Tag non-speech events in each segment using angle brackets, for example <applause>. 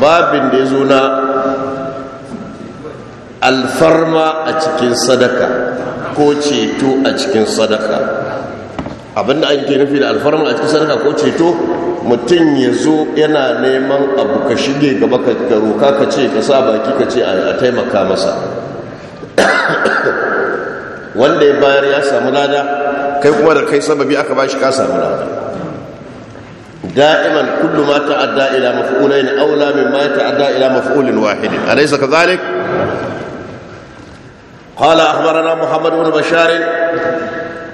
babin da ya zo na alfarma a cikin sadaka ko ceto a cikin sadaka abinda an ke nufi da alfarma a cikin sadaka ko ceto mutum ya zo yana neman abu ka shige gaba ka roka ka ce ka sa baki ka ce a taimaka masa <coughs> wanda ya bayar ya samu lada kai kuma da kai sababi aka ba shi ka samu lada دائما كل ما تعدى إلى مفعولين أولى مما يتعدى إلى مفعول واحد أليس كذلك؟ قال أخبرنا محمد بن بشار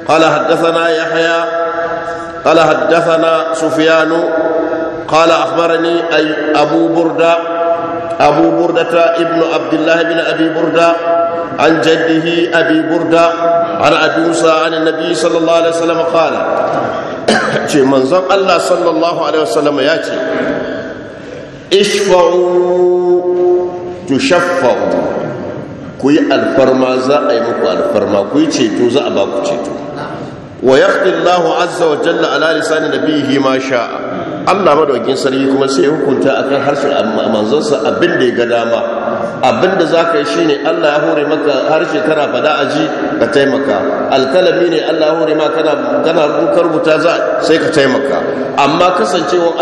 قال حدثنا يحيى قال حدثنا سفيان قال أخبرني أي أبو بردة أبو بردة ابن عبد الله بن أبي بردة عن جده أبي بردة عن أبي موسى عن النبي صلى الله عليه وسلم قال ce manzon Allah sallallahu alaihi wasallam ya ce ishfa'u tushaffa'u ku yi alfarma za a yi muku alfarma ku yi ceto za a ba ceto wa yaqdi Allahu azza wa jalla ala lisani nabihi ma sha'a Allah madawakin sarki kuma sai hukunta akan harshen manzonsa abin da ya ga dama abin da ka yi shine Allah ya hore maka harshe kana fada aji ka taimaka alkalami ne Allah ya hore maka kana kana rubuta za sai ka taimaka amma kasancewa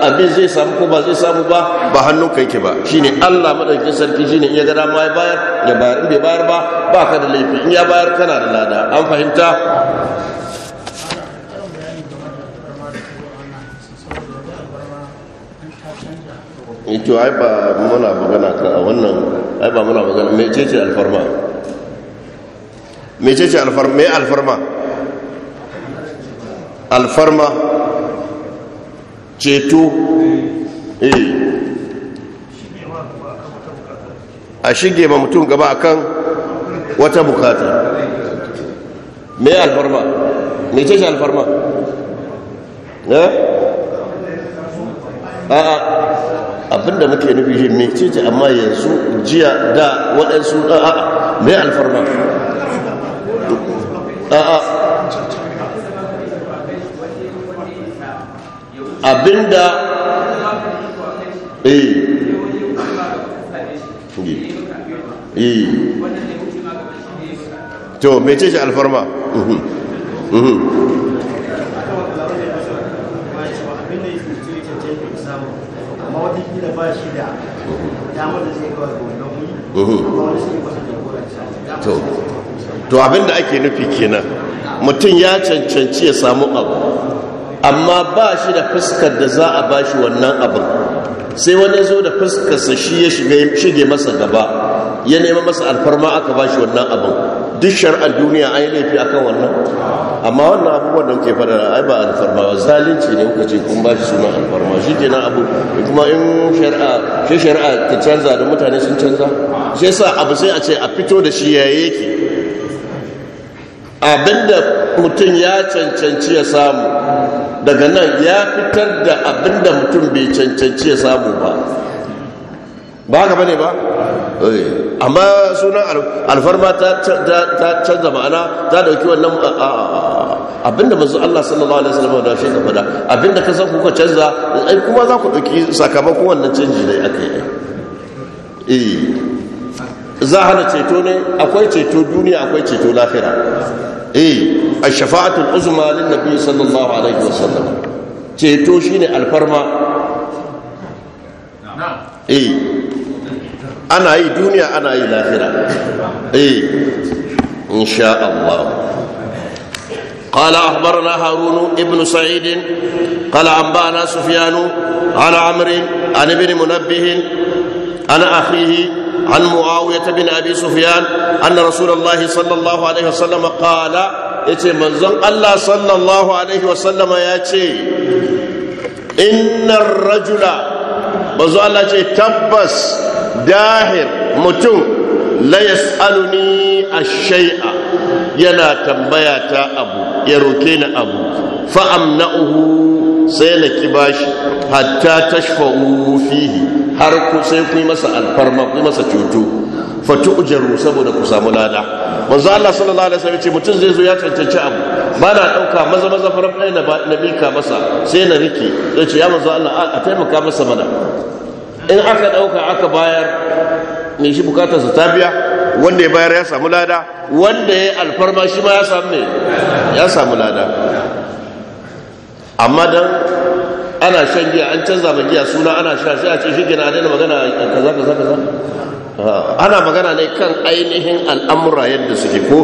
abin zai samu ko ba zai samu ba ba hannun ka yake ba shine Allah madawakin sarki shine iya ga dama ya bayar ya bayar in bai bayar ba ba ka da laifi in ya bayar kana da lada an fahimta in eh, to ai ba muna magana kan a wannan ai ba muna magana mecece alfarma mecece alfarma me alfarma alfarma ceto eh a shige ma mutum gaba akan wata bukata me alfarma mecece alfarma eh a'a abinda nake nufi shi mece amma yanzu jiya da waɗansu a'a mai alfarma a'a abinda eh eh to mece ce alfarma mhm. Mhm. to abin abinda ake nufi kenan mutum ya cancanci ya samu abu amma ba shi da fuskar da za a ba shi wannan abin sai wani zo da fuskarsa shi ya shige masa gaba ya nema masa alfarma aka ba shi wannan abin duk shar'ar duniya an yi laifi akan wannan amma wannan abubuwan da muke fada ai ba alfarma ba zalunci ne kuka ce kun ba shi suna alfarma shi ke abu kuma in shari'a shari'a ta canza da mutane sun canza shi yasa abu sai a ce a fito da shi ya yake abinda mutum ya cancanci ya samu daga nan ya fitar da abinda mutum bai cancanci ya samu ba ba haka bane ba Eh. amma sunan alfarma ta canza ma'ana ta dauki wannan abinda mazu Allah sallallahu alaihi wasallam da shi ka fada abinda ka san kuka canza ai kuma za ku dauki sakamakon wannan canji da aka yi eh za hana ceto ne akwai ceto duniya akwai ceto lafira. Eh. A shafa'atun uzuma uzma lin nabi sallallahu alaihi wasallam ceto shine alfarma eh. ana yi duniya ana yi lahira eh insha Allah قال أخبرنا هارون ابن سعيد قال أنبأنا سفيان عن عمرو عن ابن منبه عن أخيه عن معاوية بن أبي سفيان أن رسول الله صلى الله عليه وسلم قال يتي منزل الله صلى الله عليه وسلم يتي إن الرجل منزل الله يتي تبس dahir mutum la yas'aluni ash-shay'a yana tambaya ta abu ya roke ni abu fa amna'uhu sai na kibashi bashi hatta tashfa'u fihi har ku sai ku masa alfarma ku masa cuto fa tu'jaru saboda ku samu lada manzo Allah sallallahu alaihi wasallam ce mutum zai zo ya cancanci abu ba na dauka maza maza farar na ka masa sai na rike zai ce ya manzo Allah a taimaka masa mana in aka ɗauka aka bayar mai shi bukatar su ta biya wanda ya bayar ya samu lada wanda ya alfarma shi ma ya samu ne ya samu lada amma dan ana shan giya an canza mai giya suna ana sha sai a ce shi gina daina magana kaza kaza kaza ah, ana magana ne kan ainihin al'amura yadda suke ko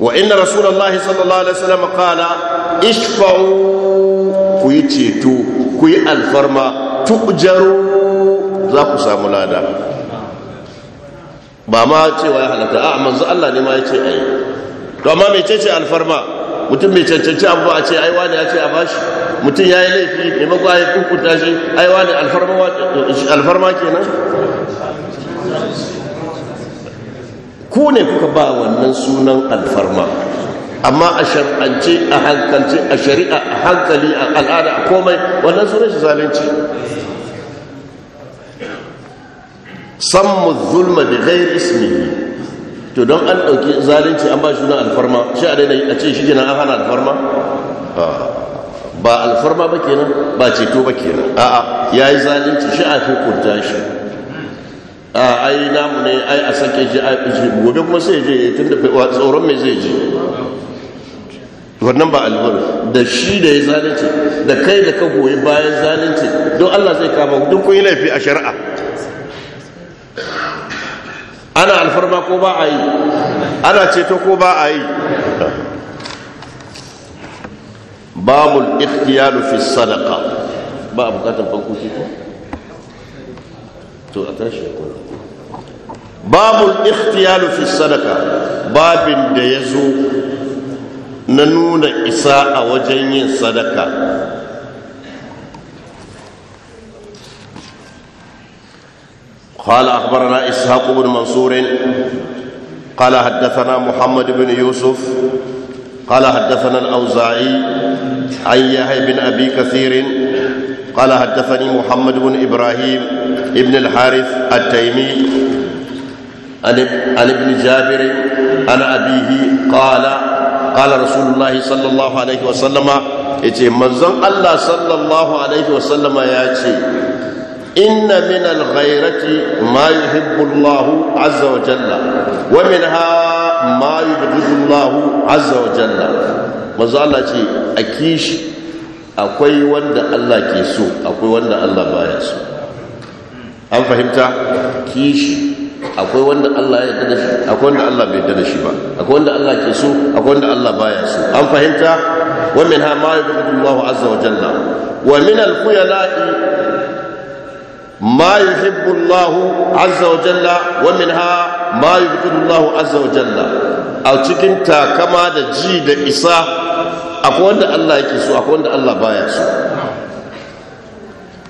wa inna rasulallah sallallahu alaihi wasallam qala ishfa'u ku yi ceto ku yi alfarma tujaru za ku samu lada ba ma cewa ya halatta a manzu Allah ne ma ya ce a yi to amma mai cece alfarma mutum mai cancanci abu ba a ce aiwa ne ya ce a bashi mutum ya yi laifi maimakon ya kukuta shi aiwa ne alfarma kenan ku ne kuka ba wannan sunan alfarma amma a shar'ance a hankalce a shari'a a hankali a al'ada a komai wannan sunan shi zalunci sammu zulma da ghairi ismi to don an dauki zalunci an ba shi na alfarma shi a daidai a ce shi kenan an hana alfarma ba alfarma ba kenan ba ceto ba kenan a'a yi zalunci shi a fi kunta shi a ai namu ne ai a sake shi a gobe kuma sai je tunda tsoron me zai je wannan ba albur da shi da ya zalunci da kai da ka goyi bayan zalunci don allah zai kama duk kun yi laifi a shari'a ana alfarma ko ba a yi ana ceto ko ba a yi babul ikhtiyaru fi sadaqa ba a bukatar bankoki ko to a tashi babul ikhtiyaru fi sadaqa babin da ya zo na nuna isa a wajen yin sadaka قال أخبرنا إسحاق بن منصور قال حدثنا محمد بن يوسف قال حدثنا الأوزاعي عن يحيى بن أبي كثير قال حدثني محمد بن إبراهيم ابن الحارث التيمي عن ابن جابر عن أبيه قال qala rasulullahi sallallahu alaihi wasallama yace manzan Allah sallallahu alaihi wasallama yace inna min al-ghayrati ma yuhibbu azza wa jalla wa minha ma yubghidu Allah azza wa jalla manzon Allah ce a kishi akwai wanda Allah ke so akwai wanda Allah baya so an fahimta kishi akwai wanda Allah ya da shi akwai wanda Allah bai da shi ba akwai wanda Allah ke so akwai wanda Allah baya so an fahimta wa min ha ma yadullu azza wa jalla wa min al khuyala'i ma yuhibbu azza wa jalla wa min ha ma yubtilu azza wa jalla a cikin takama da ji da isa akwai wanda Allah yake so akwai wanda Allah baya so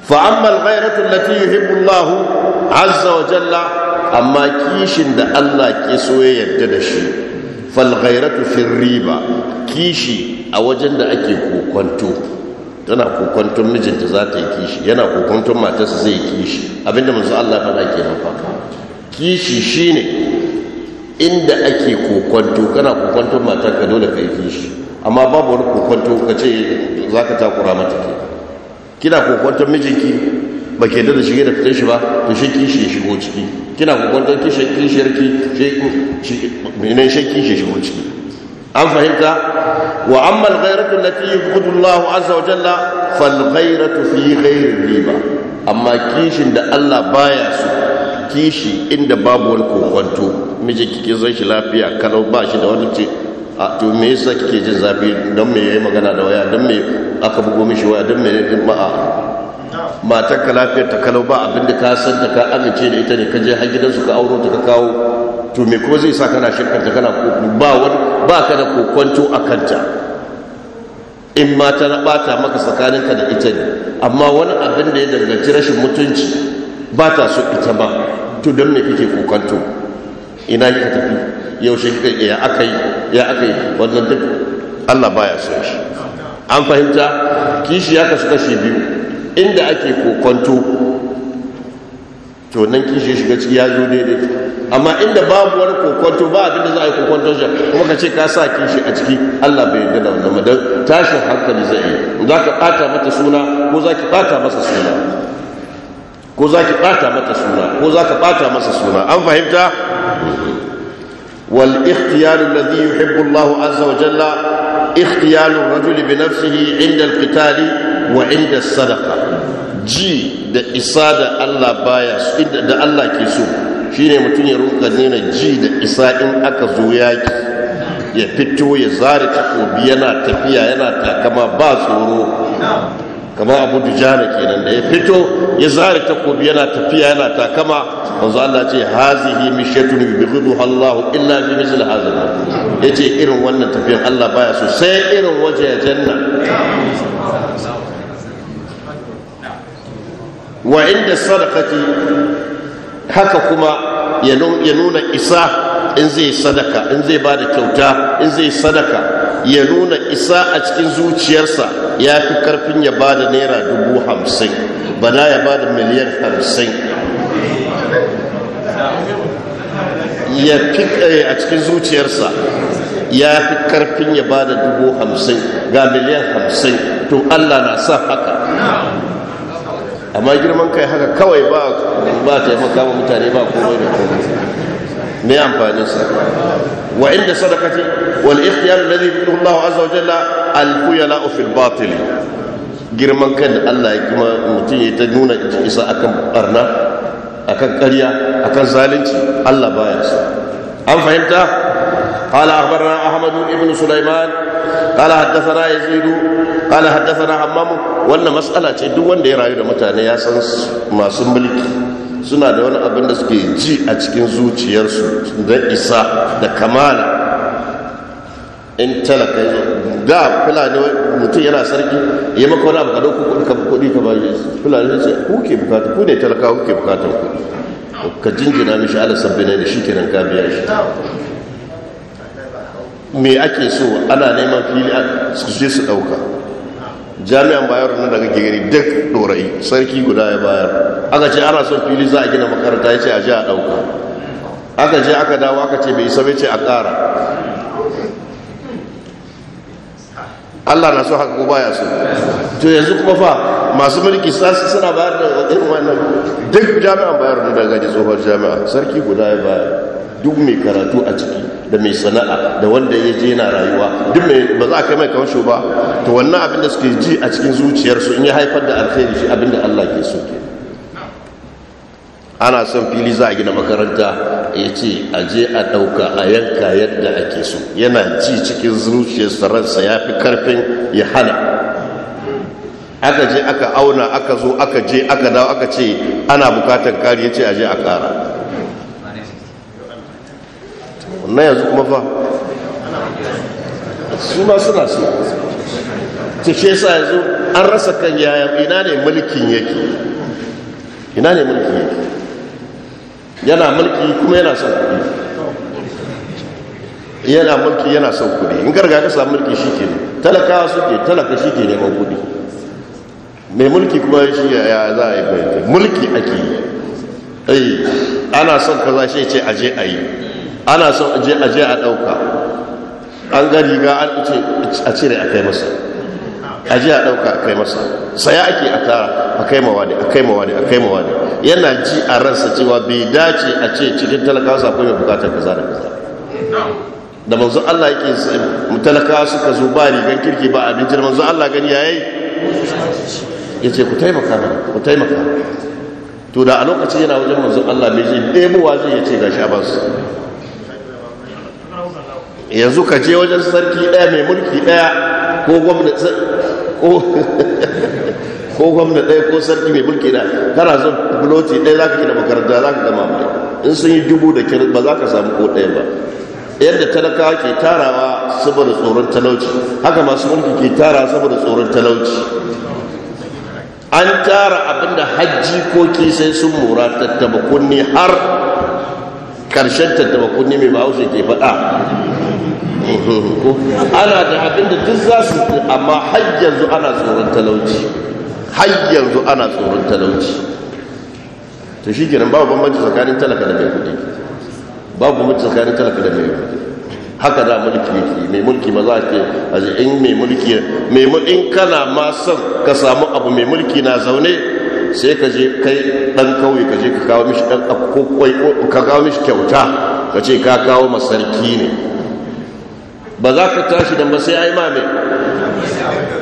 fa amma al ghayratu allati yuhibbu Allah azza wa jalla amma kishin da Allah ke so ya yarda da shi falghairatu fil riba kishi a wajen da ake kokonto tana kokonton mijinta za ta yi kishi yana kokonton matarsa zai yi kishi abinda manzo Allah da ke nufa kishi shine inda ake kokonto kana kokonton matarka dole ka yi kishi amma babu wani kokonto ka ce za ka takura mata ke kina kokonton mijinki ba ke da shige da fitar shi ba to shi kishi ya shigo ciki kina kokwantar kishi kishiyar ki mene shi kishi ya shigo ciki an fahimta wa amma al-ghayratu allati yuqdu Allahu azza wa jalla fal ghayratu fi ghayri riba amma kishin da Allah baya su, kishi inda babu wani kokwanto miji kike zai shi lafiya kalau ba shi da wani ce a to me yasa kike jin zafi don me yayi magana da waya don me aka bugo mishi waya don me ba matar ka lafiyar ta kalau ba abin da ka san da ka amince da ita ne ka je har gidansu ka auro ta ka kawo to me kuma zai sa kana shirkar ta kana ba wani ba ka da kokonto a kanta in ma ta bata maka tsakaninka da ita ne amma wani abin da ya danganci rashin mutunci ba ta so ita ba to don me kake kokonto ina kika tafi yaushe kika ya aka yi ya aka yi wannan duk Allah baya so shi an fahimta kishi ya kasu kashi biyu inda ake kokonto to nan kishi shiga ciki ya zo daidai amma inda babu wani kokonto ba abin da za a yi kokonton shi kuma ka ce ka sa kishi a ciki Allah bai yarda da wannan madan tashin hankali zai yi za ka bata mata suna ko za ki bata masa suna ko za ki bata mata suna ko za ka bata masa suna an fahimta wal ikhtiyaru alladhi yuhibbu Allah azza wa jalla ikhtiyaru ar-rajuli bi nafsihi 'inda al-qitali wa inda sadaka ji da isa da Allah baya su inda da Allah ke so shine mutum ya ruka nena ji da isa in aka zo yaki ya fito ya zare takobi yana tafiya yana takama ba tsoro kamar abu dujana kenan da ya fito ya zare takobi yana tafiya yana takama wanzu Allah ce hazihi mishyatun yubghidu Allah illa bi misli hadha yace irin wannan tafiyan Allah baya so sai irin waje janna wa inda sadakati haka kuma ya nuna isa in zai sadaka in zai ba da kyauta in zai sadaka ya nuna isa a cikin zuciyarsa ya fi karfin ya ba da naira dubu hamsin bana ya ba da miliyan hamsin ya fi eh, a cikin zuciyarsa ya fi karfin ya ba da dubu hamsin ga miliyan hamsin to allah na sa haka amma girman kai haka kawai ba ba taimaka wa mutane ba komai da komai me amfanin sa wa inda sadaqati wal ikhtiyar alladhi bihi Allah azza wa jalla al khuyala fi al batil girman kai da Allah ya kuma mutum ya ta nuna isa akan barna akan ƙarya akan zalunci Allah baya so an fahimta قال اخبرنا احمد بن سليمان قال حدثنا يزيد قال حدثنا حمام wannan matsala ce duk wanda ya rayu da mutane ya san masu mulki suna da wani abin da suke ji a cikin zuciyarsu da isa da kamala in talaka ya da fulani mutum yana sarki ya maka wani abu ka dauko kuɗi ka kuɗi ka bayi fulani ce ku ke bukata ku ne talaka ku ke bukatan kuɗi ka jinjina mishi ala sabbi ne shi kenan ka biya shi me ake so ana neman fili a je su dauka jami'an bayar na daga gari duk dorai sarki guda ya bayar aka ce ana son fili za a gina makaranta ya ce a ji a dauka aka je aka dawo aka ce bai isa bai ce a kara Allah na so haka ko baya so to yanzu kuma fa masu mulki suna bayar da irin wannan duk jami'an bayar na daga tsohon jami'a sarki guda ya bayar duk mai karatu a ciki da mai sana'a da wanda ya je yana rayuwa duk mai ba za a kai mai kamasho ba to wannan abin da suke ji a cikin zuciyarsu in ya haifar da alkhairi shi abin da Allah ke so ke ana son fili za a gina makaranta ya ce a je a ɗauka a yanka yadda ake so yana ci cikin zuciyarsa ransa ya fi karfin ya hana aka je aka auna aka zo aka je aka dawo aka ce ana bukatar kari ya ce a je a kara na yanzu kuma fa su ma suna su ta shi yanzu an rasa kan yaya ina ne mulkin yake ina ne mulkin yake yana mulki kuma yana son kuɗi yana mulki yana son kudi in garga ka samu mulki shi ke talakawa suke talaka shi ke neman kuɗi mai mulki kuma shi ya za a yi bayyanta mulki ake yi ana son kaza shi ce aje a yi ana son aje aje a dauka an gari ga an ce a cire a kai masa aje a dauka a kai masa saya ake a tara a kai mawa ne a kai mawa ne a kai mawa ne yana ji a ransa cewa bai dace a ce cikin talakawa sakwai mai bukatar kaza da kaza da manzo Allah yake talakawa suka zo ba rigan kirki ba a bincin manzo Allah gani yayi ya ce ku taimaka mana ku taimaka to da a lokacin yana wajen manzo Allah mai ji ɗebowa zai ya ce gashi a basu yanzu ka je wajen sarki ɗaya mai mulki ɗaya ko gwamna <laughs> ɗaya ko sarki mai mulki ɗaya kana son buloti ɗaya za ka gina makaranta za ka gama mai in sun yi dubu da kirin ba za ka samu ko ɗaya ba yadda talakawa ke tarawa saboda tsoron talauci haka masu mulki ke tara saboda tsoron talauci an tara abinda hajji ko ke sai sun mura tattaba har ƙarshen tattaba kunni mai bahaushe ke faɗa ana da abin da duk za su amma har yanzu ana tsoron talauci har yanzu ana tsoron talauci to shi kenan babu bambanci tsakanin talaka da mai kudi babu bambanci tsakanin talaka da mai kudi haka da mulki yake mai mulki ma za ke aje in mai mulki mai in kana ma son ka samu abu mai mulki na zaune sai ka je kai dan kauye ka je ka kawo mishi dan ko ka kawo mishi kyauta ka ce ka kawo masarki ne ba za ka tashi da masu ya ma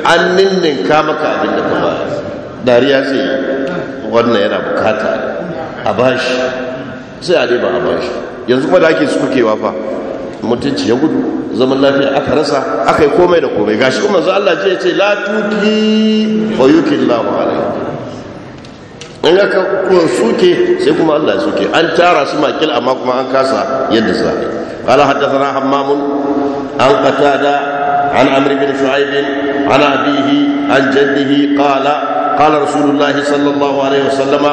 an ninnin ka maka abin da ka dariya zai yi wannan yana bukata a bashi sai a ba a bashi yanzu kuma da ake sukewa fa mutunci ya gudu zaman lafiya aka rasa aka yi komai da komai gashi kuma zuwa Allah ce ce la tuki wa yuki Allahu alaihi in aka suke sai kuma Allah suke an tara su makil amma kuma an kasa yadda za a yi haddasa na حمام عن قتادة عن عمرو بن شعيب عن أبيه عن جده قال قال رسول الله صلى الله عليه وسلم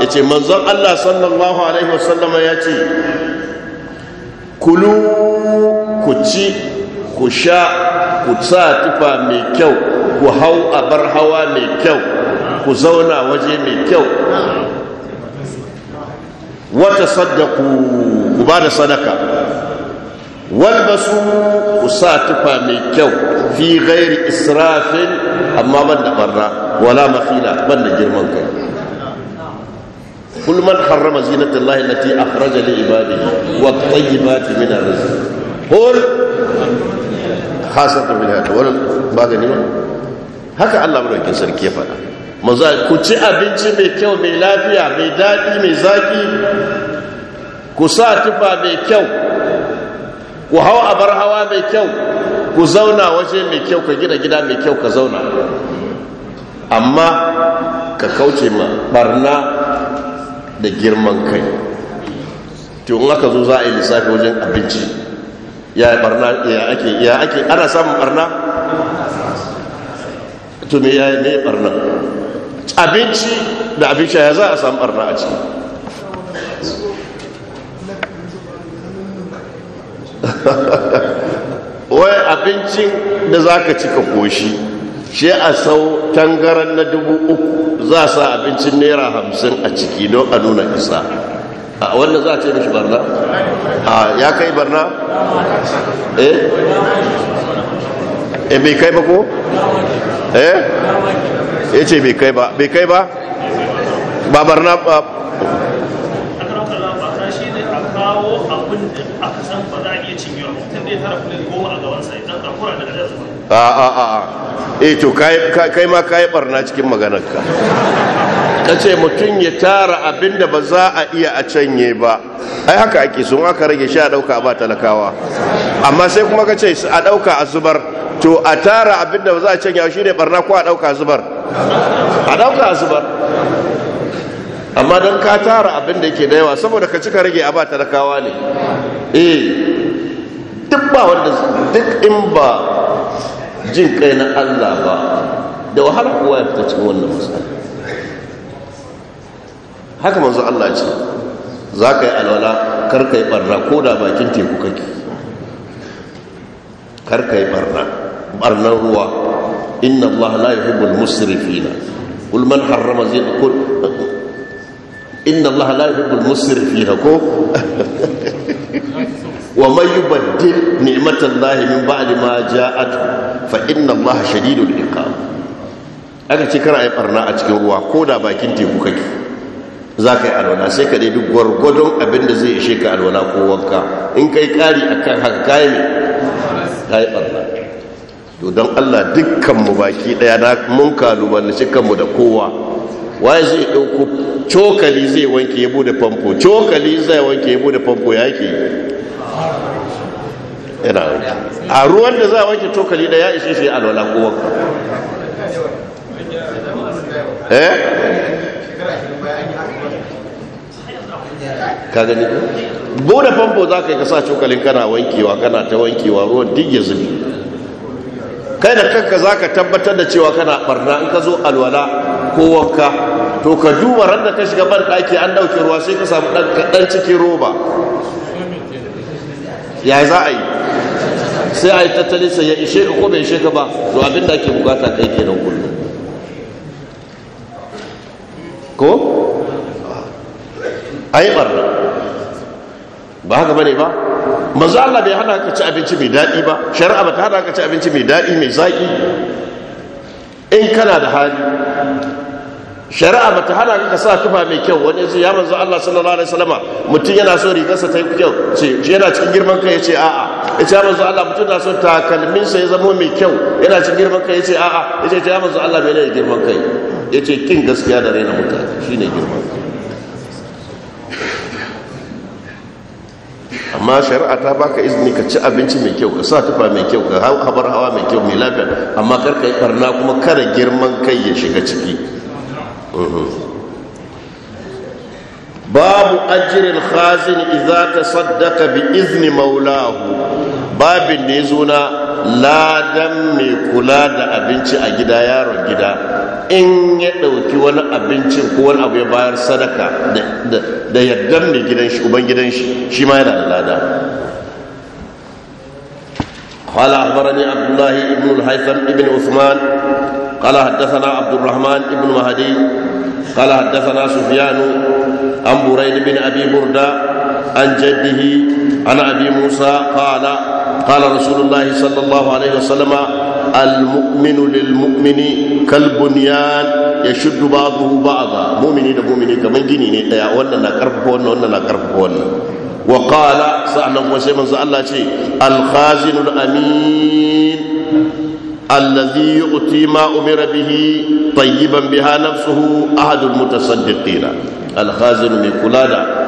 يتي من منظر الله صلى الله عليه وسلم يتي كلوا كتي كشاء كتاتفا ميكو كهو أبر هوا ميكو كزونا وجه ميكو وتصدقوا وبعد صدقه walbasu ku sa tufa mai kyau fi gairi israfin amma ban da barra wala mafila ban da girman kai kul man harrama zinatallahi allati akhraja li ibadihi wa tayyibati min arrizq qul khasatan min hada wannan ba gani ba haka Allah madaukakin sarki ya faɗa maza ku ci abinci mai kyau mai lafiya mai daɗi mai zaki ku sa tufa mai kyau ku hawa abar hawa mai kyau ku zauna waje mai kyau ka gina gida mai kyau ka zauna amma ka kauce ma barna da girman kai tun aka zo za a yi lissafi wajen abinci ya barna ya ake ya ake ana samun barna to me ya ne barna abinci da abinci ya za a samu barna a ciki <laughs> wai abincin da za ka cika koshi shi a sau tangaran na dubu uku za sa abincin naira hamsin a ciki don a nuna isa a wanda za a ce mishi barna a ya kai barna eh Eh bai kai ba ko eh ya ce bai kai ba bai kai ba ba barna ba a kawo abin da aka san ba za zai tara a a a eh to kai ma kai barna cikin maganarka ka ce mutum ya tara abin da ba za a iya a canye ba ai haka ake sun aka rage sha dauka ba talakawa amma sai kuma ka ce a dauka a zubar to a tara abinda ba za a canye shi ne barna ko a dauka a zubar a dauka a zubar amma don ka tara abinda yake da yawa saboda ka cika rage a ba talakawa ne eh duk ba wanda duk in ba jin kai na Allah ba da wahala kuwa ya fita cikin wannan musali haka manzo Allah ce za ka yi alwala kar ka yi barna ko da bakin teku kake kar ka yi barna barnar ruwa inna Allah la al musrifina kul man harrama zin kul inna Allah la al musrifina ko <laughs> Wa ومن يبدل نعمة الله من بعد ما جاءته ha الله da العقاب aka ce kara a barna a cikin ruwa ko da bakin teku kake za ka yi alwana sai ka dai duk gwargwadon abin da zai ishe ka alwana ko wanka in kai kari a kan haka kayi ne yi barna to don allah dukkanmu baki daya na mun kalubalanci kanmu da kowa waye zai ɗauko cokali zai wanke ya bude famfo cokali zai wanke ya bude famfo ya ke yana wanki a ruwan da za a wanke cokali da ya ishe shi alwala ko wanka eh? ka gani bude famfo za ka yi kasa cokalin kana wankewa kana ta wankewa ruwan duk ya zubi kai da kanka za ka tabbatar da cewa kana barna in ka zo alwala ko wanka to ka duba ran da ka shiga ban daki an ɗauke ruwa sai ka samu ɗan cikin roba ya za a yi sai a yi tattalin sa ya ishe ko bai ishe ka ba to abin da ake bukata kai kenan kullum ko a yi barna ba haka bane ba manzo Allah bai hana ka ci abinci mai daɗi ba shari'a ba ta hana ka ci abinci mai daɗi mai zaƙi in kana da hali shari'a bata hana ka sa tufa mai kyau wani zai ya manzo Allah sallallahu alaihi wasallama mutum yana so rigarsa ta yi kyau ce yana cikin girman kai yace a'a yace ya manzo Allah mutum na so takalmin sa ya zama mai kyau yana cikin girman kai yace a'a yace ya manzo Allah bai da girman kai yace kin gaskiya da raina mutane shine girman kai amma shari'a ta baka izini ka ci abinci mai kyau ka sa tufa mai kyau ka hau habar hawa mai kyau mai lafiya amma kar ka yi barna kuma kada girman kai ya shiga ciki babu ajirin khazin ta saddaka bi izini, maulahu babin ne zuna ladan mai kula da abinci a gida yaron gida in ya ɗauki wani abincin ko wani abu ya bayar sadaka da yadda mai gidan shi uban gidan shi shi ma yana da lada قال أخبرني abdullahi ibn al الهيثم Ibn Usman. قال حدثنا عبد الرحمن بن مهدي قال حدثنا سفيان عن بريد بن ابي برده عن جده عن ابي موسى قال قال رسول الله صلى الله عليه وسلم المؤمن للمؤمن كالبنيان يشد بعضه بعضا مؤمن ده مؤمن كمان جني ne daya wannan na karfafa wannan wannan na karfafa wannan wa qala sa'an kuma sai manzo Allah ce al khazinul amin الذي يؤتي ما أمر به طيبا بها نفسه أحد المتصدقين الخازن من كلانا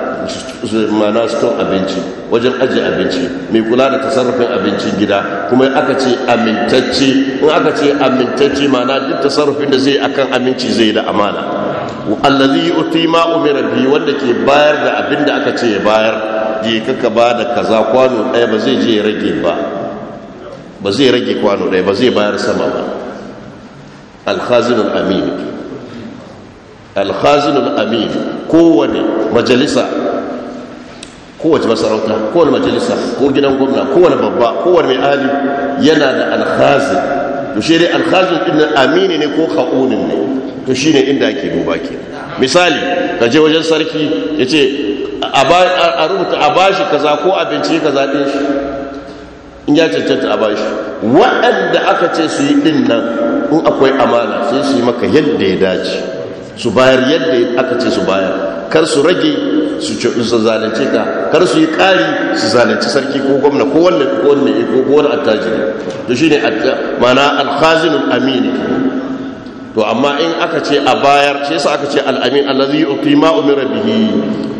mana store abinci wajen ajiye abinci mai kula da tasarrufin abincin gida kuma aka ce amintacce in aka ce amintacce mana duk tasarrufin da zai akan aminci zai da amana allazi yuti ma umira bi wanda ke bayar da abin da aka ce ya bayar je kaka ba da kaza kwano ɗaya ba zai je ya rage ba ba zai rage kwano ɗaya ba zai bayar sama ba alhazinul amin alhazinul amin kowane majalisa kowace masarauta kowane majalisa ko gidan gwamna kowane babba kowane mai ali yana da alhazin to shi dai alhazin ɗin amini ne ko ka'unin ne to shi ne inda ake duba ke misali ka je wajen sarki ya ce a rubuta a bashi kaza ko abinci kaza ɗin shi in ya cancanta a bashi waɗanda aka ce su yi ɗin nan in akwai amana sai su yi maka yadda ya dace su bayar yadda aka ce su bayar kar su rage su zalunce ka kar su yi ƙari su zalunci sarki ko gwamna ko wanda ko wanda ko wani ne to ne mana alkhazinul amini to amma in aka ce a bayar shi sa aka ce al'amin allazi yu'ti ma umira bihi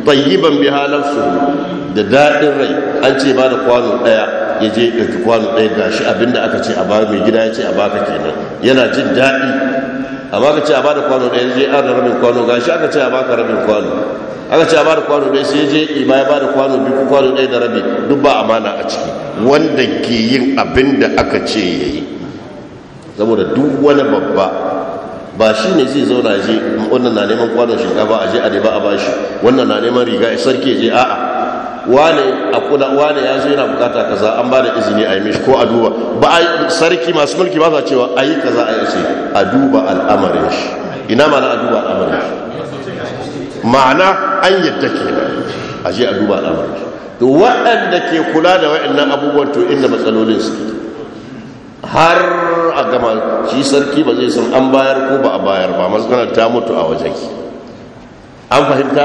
tayyiban bi nafsuhu da daɗin rai an ce ba da kwano daya ya je ɗauki kwano ɗaya ga gashi abinda aka ce a ba mai gida ya ce a baka kenan yana jin daɗi amma ka ce a bada kwano ɗaya ya je an rabin kwano shi aka ce a baka rabin kwano aka ce a bada kwano ɗaya sai ya je ima ya bada kwano biyu ko kwano ɗaya da rabi duk ba amana a ciki wanda ke yin abin da aka ce ya yi saboda duk wani babba ba shi ne zai zauna je wannan na neman kwanon shinkafa a je a ne ba a ba shi wannan na neman riga ya sarki ya je a'a wane akuna wane ya zo yana bukata kaza an ba da izini a yi mishi ko a duba ba a sarki masu mulki ba sa cewa a yi kaza a yi a duba al'amarin shi ina na a duba al'amarin shi ma'ana an yadda ke a je a duba al'amarin shi to waɗanda ke kula da waɗannan abubuwan to inda matsalolin su har a gama shi sarki ba zai san an bayar ko ba a bayar ba masu ta mutu a wajen an fahimta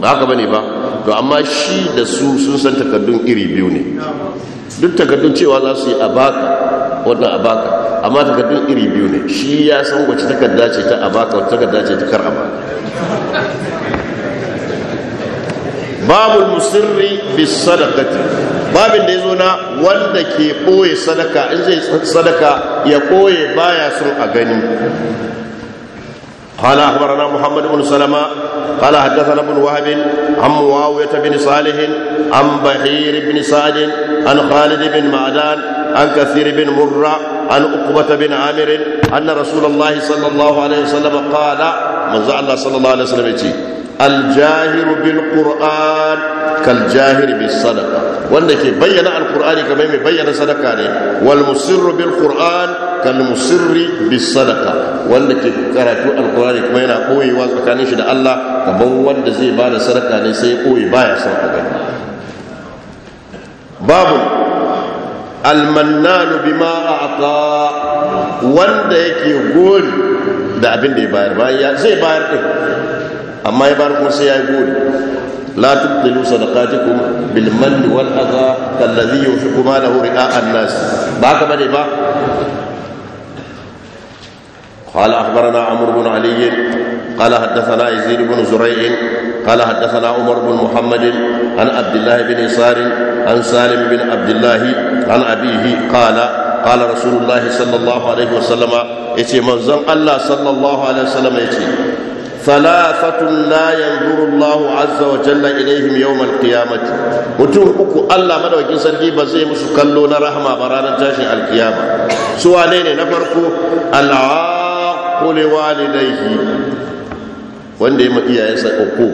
ba haka bane ba to amma shi da su sun san takardun iri biyu ne duk takardun cewa za su yi a baka wannan a baka amma takardun iri biyu ne shi ya san wacce takarda ce ta a baka wacce takarda ce ta kar a baka babu musirri bis sadaqati babin da yazo na wanda ke boye sadaka in zai sadaka ya koye baya son a gani قال اخبرنا محمد بن سلمه قال حدثنا ابن وهب عن معاويه بن صالح عن بحير بن سعد عن خالد بن معدان عن كثير بن مره عن عقبه بن عامر ان رسول الله صلى الله عليه وسلم قال من الله صلى الله عليه وسلم الجاهر بالقران kal jahir bis sadaqa wanda ke bayyana alqur'ani kamar mai bayyana sadaka ne wal musirru bil qur'an kal musirri bis sadaqa wanda ke karatu alqur'ani kuma yana koyewa tsakanin shi da Allah kaman wanda zai bada sadaka ne sai ya koyi baya son a gani babu almannanu bima wanda yake gori da abin da ya bayar bayan zai bayar din amma ya bayar kuma sai ya gori لا تبطلوا صدقاتكم بالمن والأذى كالذي ينفق ماله رئاء الناس باك بني با قال أخبرنا عمرو بن علي قال حدثنا يزيد بن زريع قال حدثنا عمر بن محمد عن عبد الله بن يسار عن سالم بن عبد الله عن أبيه قال قال رسول الله صلى الله عليه وسلم يتي منزل الله صلى الله عليه وسلم يتي ثلاثة لا ينظر الله عز وجل إليهم يوم القيامة متون أكو الله مدى وكين سرقي بزي مسكلون رحمة برانا تاشي القيامة سوالين نفركو العاق لوالديه wanda ya ma iyayensa uku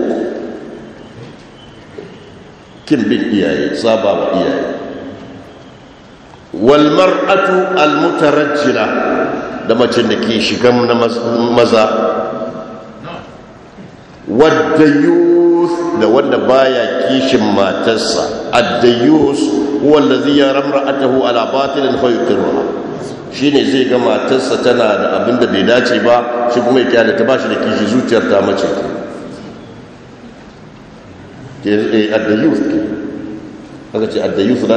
kin bin iyaye saba wa iyaye wal mar'atu al mutarajjila da mace da ke shiga na maza yus da wanda baya kishin matarsa addayus huwa allazi yara imra'atahu ala batilin fa shi ne zai ga matarsa tana da abin da bai dace ba shi kuma ya kyale ta bashi da kishi zuciyar ta mace ke eh yus ke aka ce addayus la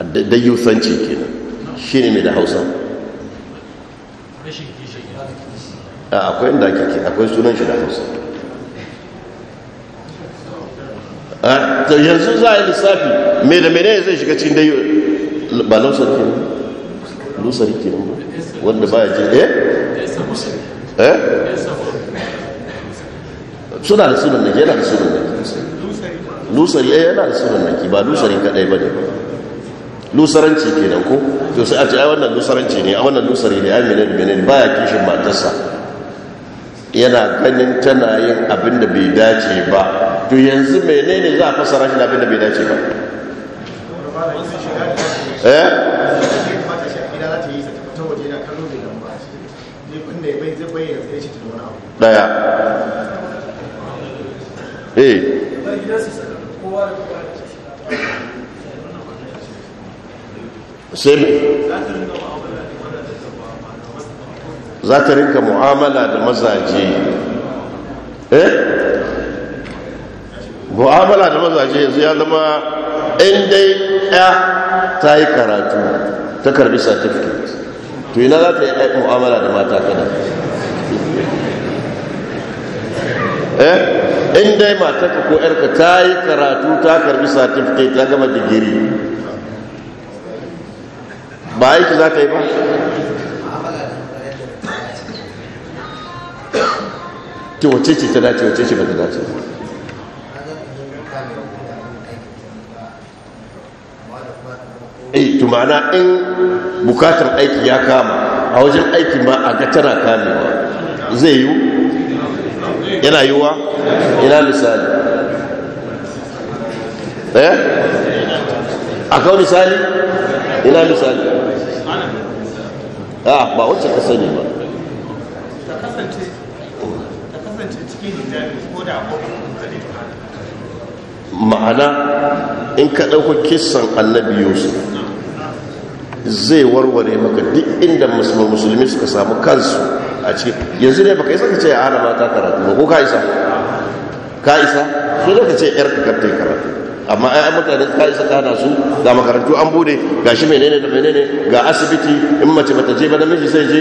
adda yusanci ke kenan ne mai da Hausa a ah, akwai inda ake akwai sunan shi da hausa a ah, yanzu za a yi lissafi mai da mene zai shiga cikin dai ba lausar ke lusar ke nan wanda ba ya ce eh eh suna da sunan da yana da sunan da lusari eh yana da sunan da ba lusari kadai ba ne lusaranci kenan ko sosai sai a ce ai wannan lusaranci ne a wannan lusari ne ai mene ba ya kishin matarsa yana ganin tana yin abin da bai dace ba to yanzu menene za a fasara shi da abin da bai dace ba eh? daya eh sai za ta rinka mu'amala da mazaje eh mu'amala da mazaje yanzu ya zama in dai ya ta yi karatu ta karbi certificate to yana za ta yi mu'amala da mata kada eh in dai matarka ko yarka ta yi karatu ta karbi certificate ta gama digiri ba aiki za ta yi ba ki wace ce ta dace wace ce ba ta dace eh to in bukatar aiki ya kama a wajen aikin ba a ga tana kamewa zai yi yana yi wa? ina misali eh? A kawo misali ina misali a ah, ba wacce ka sani ba ma'ana in ka ɗauka kisan annabi yusuf zai warware maka duk inda musulmi suka samu kansu a cikin yanzu ne baka isa ka ce ana mata karatu ba ko ka isa ka isa su zai ka ce yar ka kartai karatu amma ai mutane ka isa ka hana su ga makarantu an bude ga shi menene da menene ga asibiti in mace bata je ba miji sai je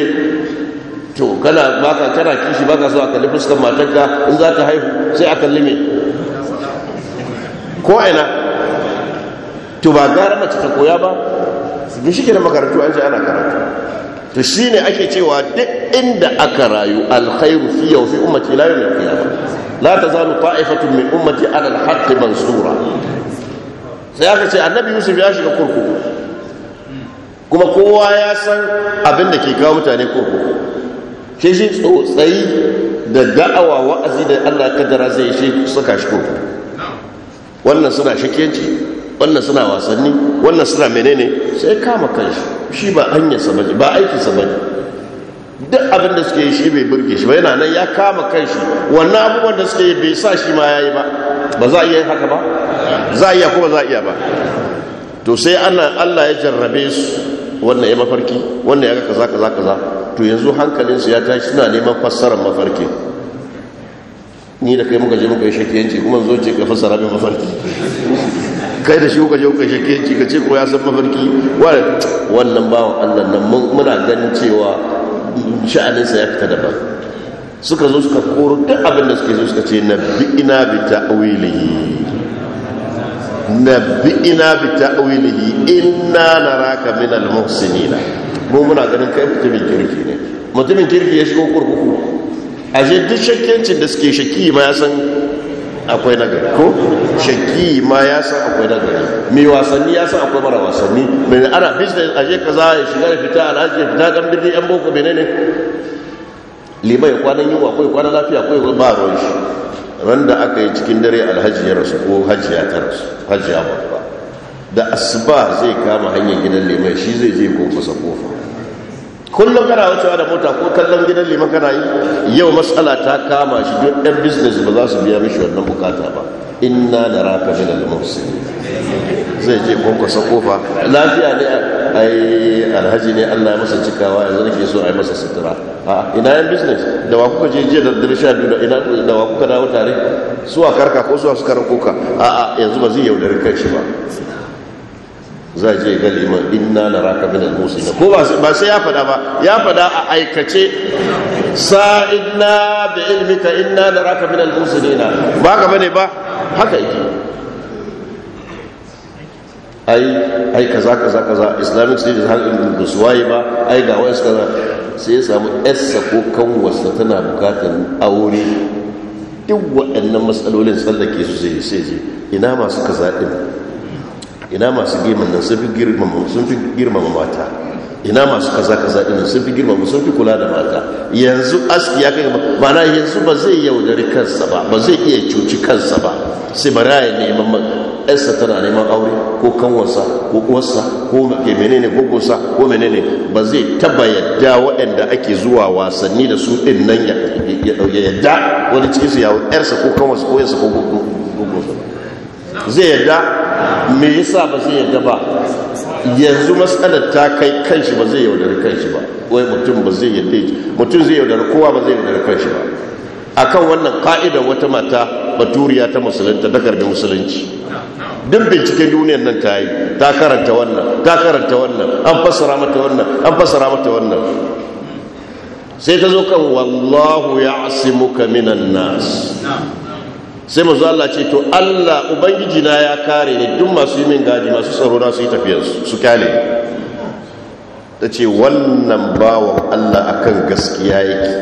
to kana baka kana kishi baka so a kalli fuskar matarka in za ta haihu sai a kalli me ko ina to ba gara mace ta koya ba da shi kenan makarantu an ce ana karatu to shine ake cewa duk inda aka rayu alkhairu fi yau fi ummati la yawm al-qiyamah la tazalu ta'ifatun min ummati ala alhaqqi mansura sai aka ce annabi yusuf ya shiga kurkuku kuma kowa ya san abin da ke kawo mutane kurkuku shi shi tsotsayi da da'awa wa'azi da allah kadara zai shi saka shi kotu wannan suna shakiyanci wannan suna wasanni wannan suna menene sai kama kanshi shi ba hanyar samaji ba aikin samaji duk abinda suke yi shi bai burge shi ba yana nan ya kama kanshi wannan abubuwan da suke yi bai sa shi ma ya yi ba ba za a iya haka ba za a iya kuma za a iya ba to sai ana allah ya jarrabe su wannan ya mafarki wannan ya ga kaza kaza kaza to yanzu hankalinsu ya tashi suna neman fassarar mafarki ni da kai muka je muka yi shakiyanci kuma zo ce ka fassara min mafarki kai da shi kuka je muka yi shakiyanci ka ce ko ya san mafarki wannan bawan allah nan muna ganin cewa sha'aninsa ya fita daban suka zo suka koro duk abin da suke zo suka ce na bi'ina bi ta'wilihi na bi'ina bi ina inna naraka min al-muhsinina mu muna ganin kai mutumin kirki ne mutumin kirki ya shigo kurkuku a ce duk shakkencin da suke shakki ma ya san akwai nagari ko shakki ma ya san akwai nagari mai wasanni ya san akwai mara wasanni mai ana business ka kaza a shiga ya fita alhaji ya fita ɗan birni yan boko mai liman ya kwanan yiwuwa ko ya kwanan lafiya ko ya ba ruwan shi wanda aka yi cikin dare alhaji ya rasu ko hajiya ta rasu ya babba da asuba zai kama hanyar gidan liman shi zai je ko kusa kofa kullum kana wucewa da mota ko kallon gidan liman kana yi yau matsala ta kama shi duk ɗan business ba za su biya mishi wannan bukata ba inna da raka min al-muhsinin zai je kwankwasa kofa lafiya ne ai alhaji ne Allah ya masa cikawa yanzu nake so a yi masa sutura a ina yan business da wa kuka je jiya da dare sha biyu da ina da wa kuka dawo tare suwa karka ko suwa su karan koka a yanzu ba zai yaudari kai shi ba za je ga liman inna naraka minal muslimin ko ba sai ya fada ba ya fada a aikace na bi ilmika inna naraka ne na. ba ga bane ba haka yake ai ai kaza kaza kaza islamic state har in da suwaye ba ai ga wasu kaza sai ya samu yarsa ko kan wasu tana bukatar aure duk waɗannan matsalolin tsallake su zai sai je ina masu kaza ɗin? ina masu girman nan sun fi girmama mata ina masu kaza kaza ɗin sun fi girmama sun fi kula da mata yanzu aski ya kai na yanzu ba zai yaudari kansa ba ba zai iya cuci kansa ba sai ba raya neman ɗansa tana neman aure ko kanwarsa ko kuwarsa ko ke menene gogosa ko menene ba zai taba yadda waɗanda ake zuwa wasanni da su ɗin nan ya yadda wani cikinsu ya yarsa ko kanwarsa ko yansa ko gogosa zai yadda me yasa ba zai yadda ba yanzu matsalar ta kai kanshi ba zai yaudari kanshi ba wai mutum ba zai yadda mutum zai yaudari kowa ba zai yaudari kanshi ba akan wannan ka'idar wata mata baturiya ta musulunta ta karbi musulunci duk binciken duniyar nan ta yi ta karanta wannan ta karanta wannan an fassara mata wannan an fassara mata wannan sai ta zo kan wallahu ya asimuka minan nas sai manzo Allah ce to Allah ubangiji na ya kare ni duk masu yi min gadi masu tsaro na su yi tafiyar su kyale ta ce wannan bawan Allah akan gaskiya yake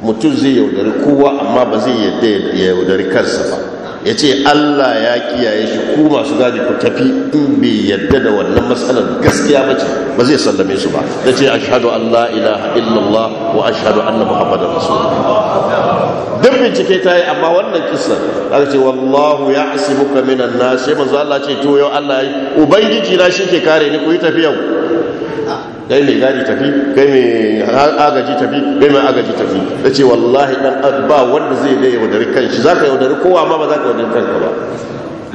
mutum zai yaudari kowa amma ba zai yadda ya yaudari kansa ba ya ce Allah ya kiyaye shi ku masu gadi ku tafi in bai yadda da wannan matsalar gaskiya ba ce ba zai sallame su ba ta ce ashhadu an la ilaha illallah wa ashhadu anna muhammadar rasulullah duk bincike ta yi amma wannan kisa aka ce wallahu ya asibuka minan nas sai manzo Allah ce to yau Allah ya ubangiji na shi ke kare ni ku yi tafiya kai mai gadi tafi kai mai agaji tafi kai mai agaji tafi da ce wallahi dan ba wanda zai da yaudari shi. za ka yaudari kowa ma ba za ka yaudari kanka ba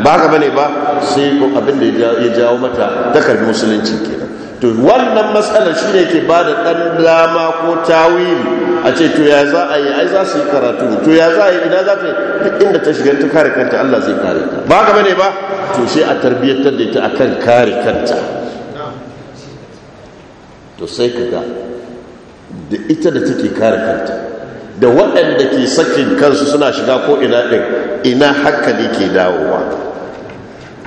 ba ka bane ba sai abin da ya jawo mata takarbi musulunci kenan to wannan matsalar shi ne ke ba da ɗan dama ko tawili a ce to ya za a yi ai za su yi karatu to ya za a yi ina za ta yi inda ta shiga ta kare kanta Allah zai kare ta ba ka bane ba to sai a tarbiyyar da ita akan kare kanta to sai ka ga da ita da take kare kanta da waɗanda ke sakin kansu suna shiga ko ina ɗin ina hankali ke dawowa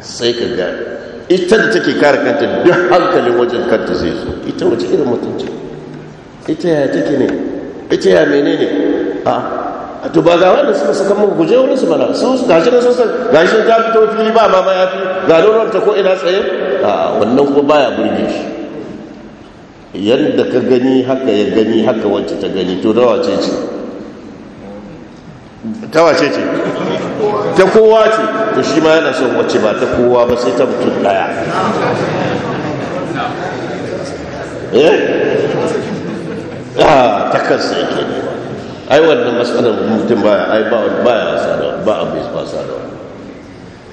sai ka ga ita da take kare kanta duk hankalin wajen kanta zai zo ita wace irin mutunci ita ya take ne ita ya mene ne a to ba ga wanda suka saka mun guje wurin su bana su ga shi sun san ga shi ta fito fili ba mama ya fi ga doron ta ko ina tsaye a wannan kuma baya burge shi yadda ka gani haka ya gani haka wacce ta gani to dawa ce ce ta wace ce ta kowa ce to shi ma yana son wacce ba ta kowa ba sai ta mutum daya eh ah ta kansa yake ne ai wannan matsalar mutum baya ai ba baya wasa da ba abu ya wasa da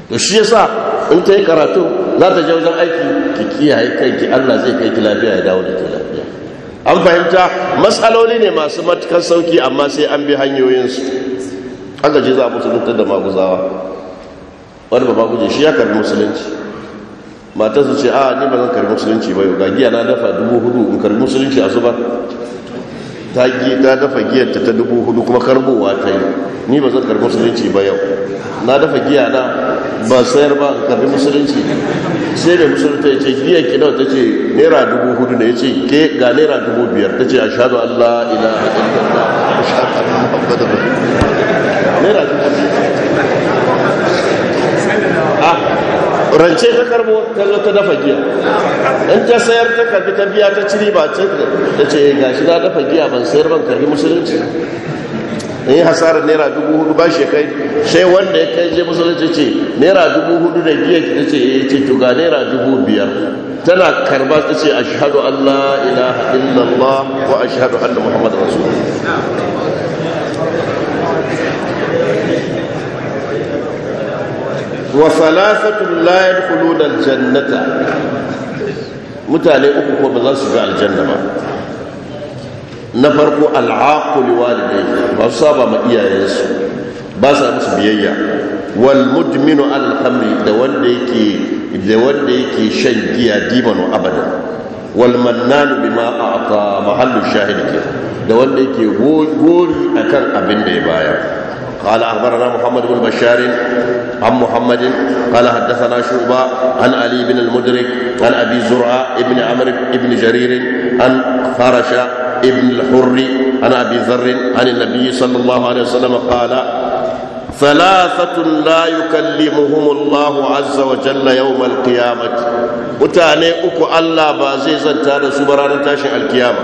to shi yasa in ta yi karatu za ta je wajen aiki ki kiyaye kanki Allah zai kai ki lafiya ya dawo da ke lafiya an fahimta matsaloli ne masu matukan sauki amma sai an bi hanyoyinsu allah ce za a musulunta da maguzawa wani ba maguje shi ya karbi musulunci matar su ce a ni ba zan karbi musulunci ba yau ga giya na dafa dubu hudu in karbi musulunci a zuba ta ta dafa giyarta ta dubu hudu kuma karbowa ta yi ni ba zan karbi musulunci ba yau na dafa giya na ba sayar ba in karbi musulunci sai mai musulunta ya ce giya ki nawa ta ce naira dubu hudu ne ya ce ke ga naira dubu biyar ta ce a shaɗu allah ila a ƙirƙirta a shaɗu naira a ah, rance ta karbo tallo ta dafa giya in ta sayar ta karbi ta biya ta ciri ba ta ce eh, shi na dafa giya ban sayar ban karbi musulunci in hasarar naira dubu hudu ba shi kai sai wanda ya kai je musulunci ce naira dubu hudu da giya ta ce eh, ya ce tuga naira dubu biyar tana karba ta ce allah an haɗin ilaha illallah wa shahadu allah muhammadu rasulullah wa salafatun la da jannata mutane uku ko ba za su ga aljanna ba na farko al'aqu liwalidayhi ba su saba ma iyayensu ba su abu musu biyayya wal mudminu alhamri da wanda yake da wanda yake shan giya dimanu abada wal mannan bima a'ta mahallu shahid da wanda yake gori akan abin da ya bayar قال أخبرنا محمد بن بشار عن محمد قال حدثنا شعبة عن علي بن المدرك عن أبي زرعة ابن عمرو بن جرير عن فرش ابن الحر عن أبي ذر عن النبي صلى الله عليه وسلم قال ثلاثة لا يكلمهم الله عز وجل يوم القيامة متاني أكو الله بازي زنتان سبران تاشي القيامة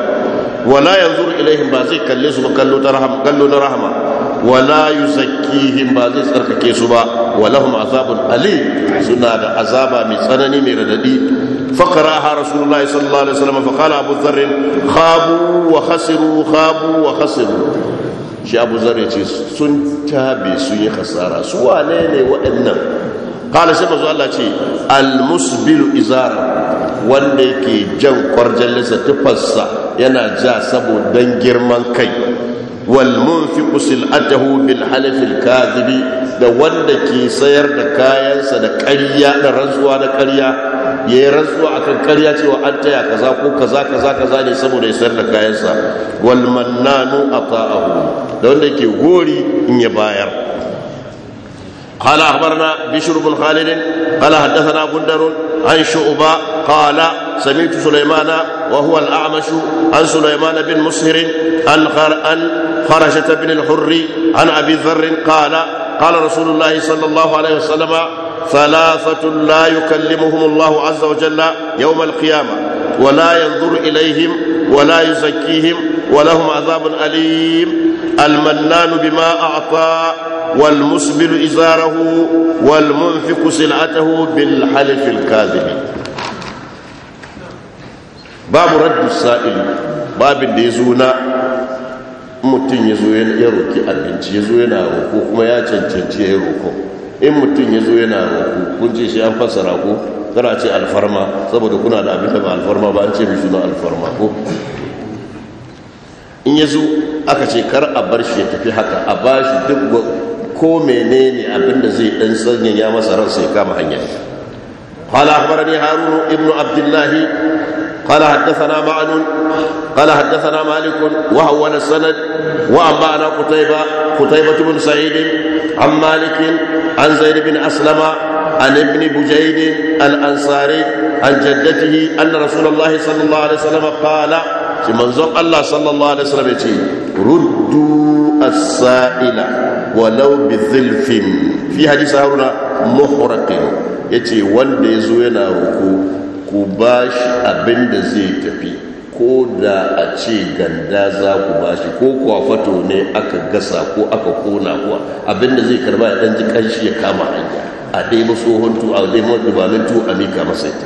ولا ينظر إليهم بازي كالليس وكاللو ترحم كاللو نرحمه wala yuzakkihim ba zai tsarkake su ba walahum azabun ali suna da azaba mai tsanani mai radadi fakara فقرأها رسول الله صلى الله عليه وسلم فقال أبو ذر خابوا وخسروا wa وخسروا shi abu zar ce sun tabe sun yi khasara su wane ne waɗannan kala sai mazu Allah ce almusbilu izara wanda yake jan kwarjallinsa tufarsa yana ja saboda girman kai wal munfiqu sil'atahu bil halaf al da wanda ke sayar da kayansa da karya da rantsuwa da ƙarya yayi rantsuwa akan karya cewa an taya kaza ko kaza kaza kaza ne saboda ya sayar da kayansa walmannanu mannanu ata'ahu da wanda ke gori in ya bayar قال أخبرنا بشر بن خالد قال حدثنا بندر عن شعبة قال سمعت سليمان وهو الأعمش عن سليمان بن مسهر عن خرجة بن الحر عن أبي ذر قال قال رسول الله صلى الله عليه وسلم ثلاثة لا يكلمهم الله عز وجل يوم القيامة ولا ينظر إليهم ولا يزكيهم ولهم عذاب أليم المنان بما أعطى والمسبل إزاره والمنفق سلعته بالحلف الكاذب babu raddu sa'il babin da ya zo na mutum ya zo ya roƙi abinci ya zo yana roƙo kuma ya cancanci ya yi in mutum ya zo yana roƙo, kun ce shi an fassara ko tara ce alfarma saboda kuna da abin da ba alfarma ba an ce mai suna alfarma ko in ya zo aka ce kar a bar shi ya tafi haka a ba shi duk ko ne abin da zai dan sanya ya masa ransa ya kama hanya قال قال حدثنا معن قال حدثنا مالك وهون السند وأنبأنا قتيبة قتيبة بن سعيد عن مالك عن زيد بن أسلم عن ابن بجيد الأنصاري عن جدته أن رسول الله صلى الله عليه وسلم قال في منظر الله صلى الله عليه وسلم ردوا السائل ولو بذلف في حديث هارون محرق يتي وان يزوينا ركوب ku ba shi abin da zai tafi ko da a ce ganda za ku ba shi ko fato ne aka gasa ko aka kona kuwa abin da zai karba ya ɗanji ƙanshi ya kama hanya a ɗaya tsohon tu a ɗaya dubamin tu a mika masa ita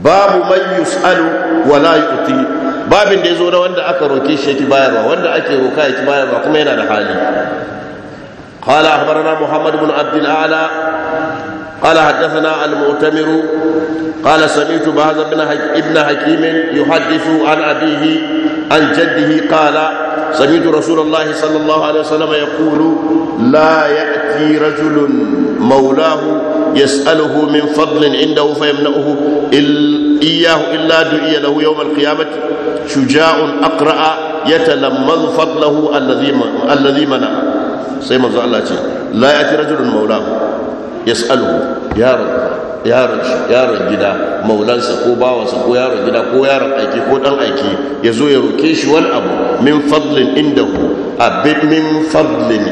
babu man yus'alu wala yu'ti babin da yazo na wanda aka roke shi yake bayarwa wanda ake roka yake bayarwa kuma yana da hali qala akhbarana muhammad ibn abd al-a'la قال حدثنا المؤتمر قال سمعت بهذا بن ابن حكيم يحدث عن أبيه عن جده قال سمعت رسول الله صلى الله عليه وسلم يقول لا يأتي رجل مولاه يسأله من فضل عنده فيمنعه إياه إلا دعي له يوم القيامة شجاع أقرأ يتلمذ فضله الذي الذي منع سيما الله لا يأتي رجل مولاه ya yaron yaron gida maulansa ko bawansa ko yaron gida ko yaron aiki ko dan aiki ya zo ya roke shi wani abu min fadlin indahu abin min fadlin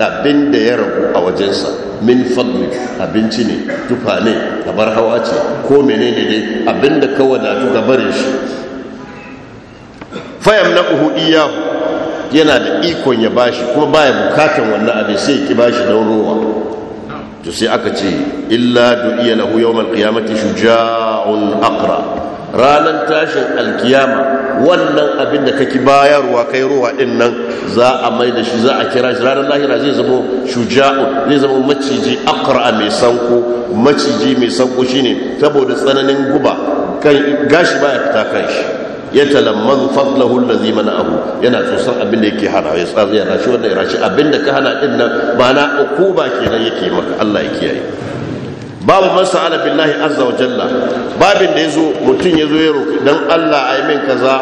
abin da ya ragu a wajensa min fadlin abinci ne tufa ne gabar hawa ce ko menene dai abin da ka wadatu bari shi fayam na uhu iyahu yana da ikon ya bashi kuma baya bukatan wannan abin sai ki bashi don ruwa. to sai aka ce illa du'iya lahu yawmal qiyamati shuja'un aqra ranan tashin alkiyama wannan abin da kake bayarwa kai ruwa din nan za a mai da shi za a kira shi ranar lahira zai zama zai zama maciji aqra mai sanko maciji mai sanko shine saboda tsananin guba kan gashi baya fita kan shi ya talammazu fadlahu allazi abu yana tsosan abin da yake hana ya tsari ya rashi wanda ya rashi abin da ka hana ɗin nan ba ke kenan yake maka Allah ya kiyaye babu masa sa'ala billahi azza wa jalla babin da ya zo mutum ya roƙi don Allah ayi min kaza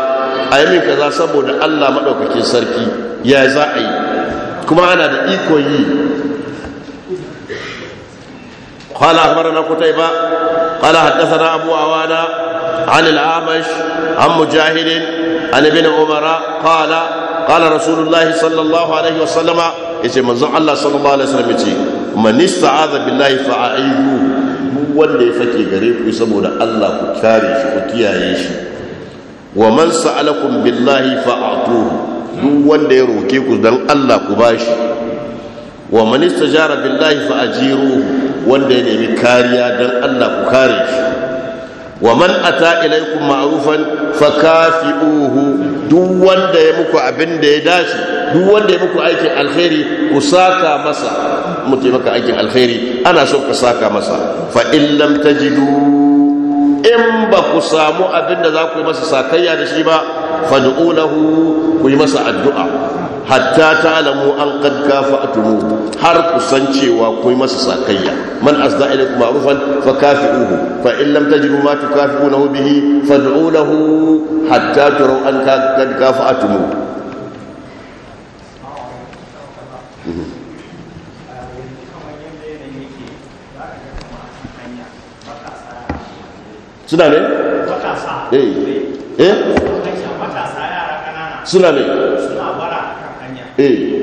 ayi min kaza saboda Allah madaukakin sarki ya za a yi kuma ana da ikon yi na kutai ba قال حدثنا أبو عوانة عن الأعمش عن مجاهد عن ابن عمر قال قال رسول الله صلى الله عليه وسلم yace manzon Allah sallallahu alaihi wasallam yace man ista'aza billahi fa'aidu wanda ya fake gare ku saboda Allah ku kare shi ku kiyaye shi wa man sa'alakum billahi fa'atuhu duk wanda ya roke ku dan Allah ku bashi wa man istajara billahi fa'ajiruhu wanda ya nemi kariya don Allah ku kare shi wa man ata ilaikum ma'rufan fakafi'uhu duk wanda ya muku abin da ya dace duk wanda ya muku aikin alkhairi ku saka masa mu maka aikin alkhairi ana so ku saka masa fa in lam tajidu in ba ku samu abin da za ku yi masa sakayya da shi ba fad'u lahu ku yi masa addu'a hatta ta'lamu an qad kafa'tumu har kusancewa cewa kuma masa sakayya man a asda ilaykum ma'rufan fa kafi'uhu fa in lamta tajidu ma hu bihi fad'u lahu hatta turaw an qad kafa'tumu suna ne? eh eh suna ne? suna eh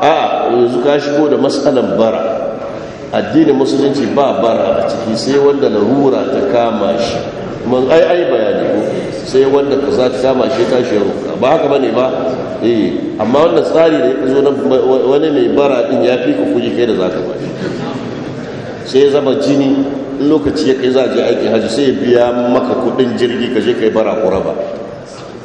a yanzu ka shigo da matsalan bara addinin musulunci ba bara a ciki sai wanda larura ta kama shi man ai ai bayani ko sai wanda ka za ta kama shi ta shi ruka ba haka bane ba eh amma wannan tsari da ya zo na wani mai bara din ya fi ka kuje kai da zaka ka ba sai zama jini lokaci ya kai za a je aiki, sai biya maka kuɗin jirgi ka je kai bara kuraba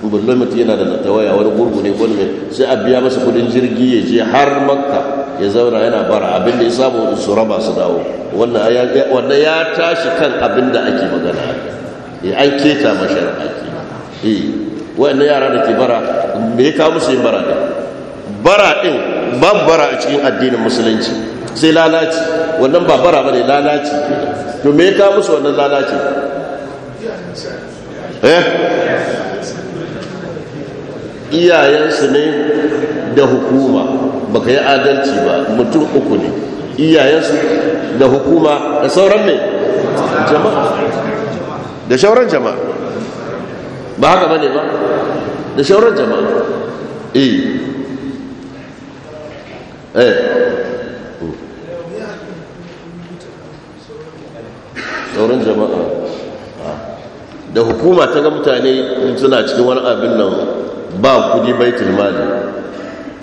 bullon mutum yana da natawaya wani gurgu ne wani sai a biya masa kudin jirgi ya je har makka ya zauna yana bara abin da ya samu su raba su dawo wannan ya tashi kan abin da ake magana ya eh, an keta mashar ake eh wannan yara da ke bara me ya kawo musu yin bara ne bara ɗin ban bara a cikin addinin musulunci sai lalaci wannan ba bara ba ne, lalaci to me ya kawo musu wannan lalaci eh iyayensu ne da hukuma ba ka yi adalci ba mutum uku ne iyayensu da hukuma da sauran ne jama'a da shauran jama'a ba haka ne ba da shauran jama'a eh eh sauran jama'a ah. da hukuma ta ga mutane suna cikin wani abin nan ba kudi baitul mali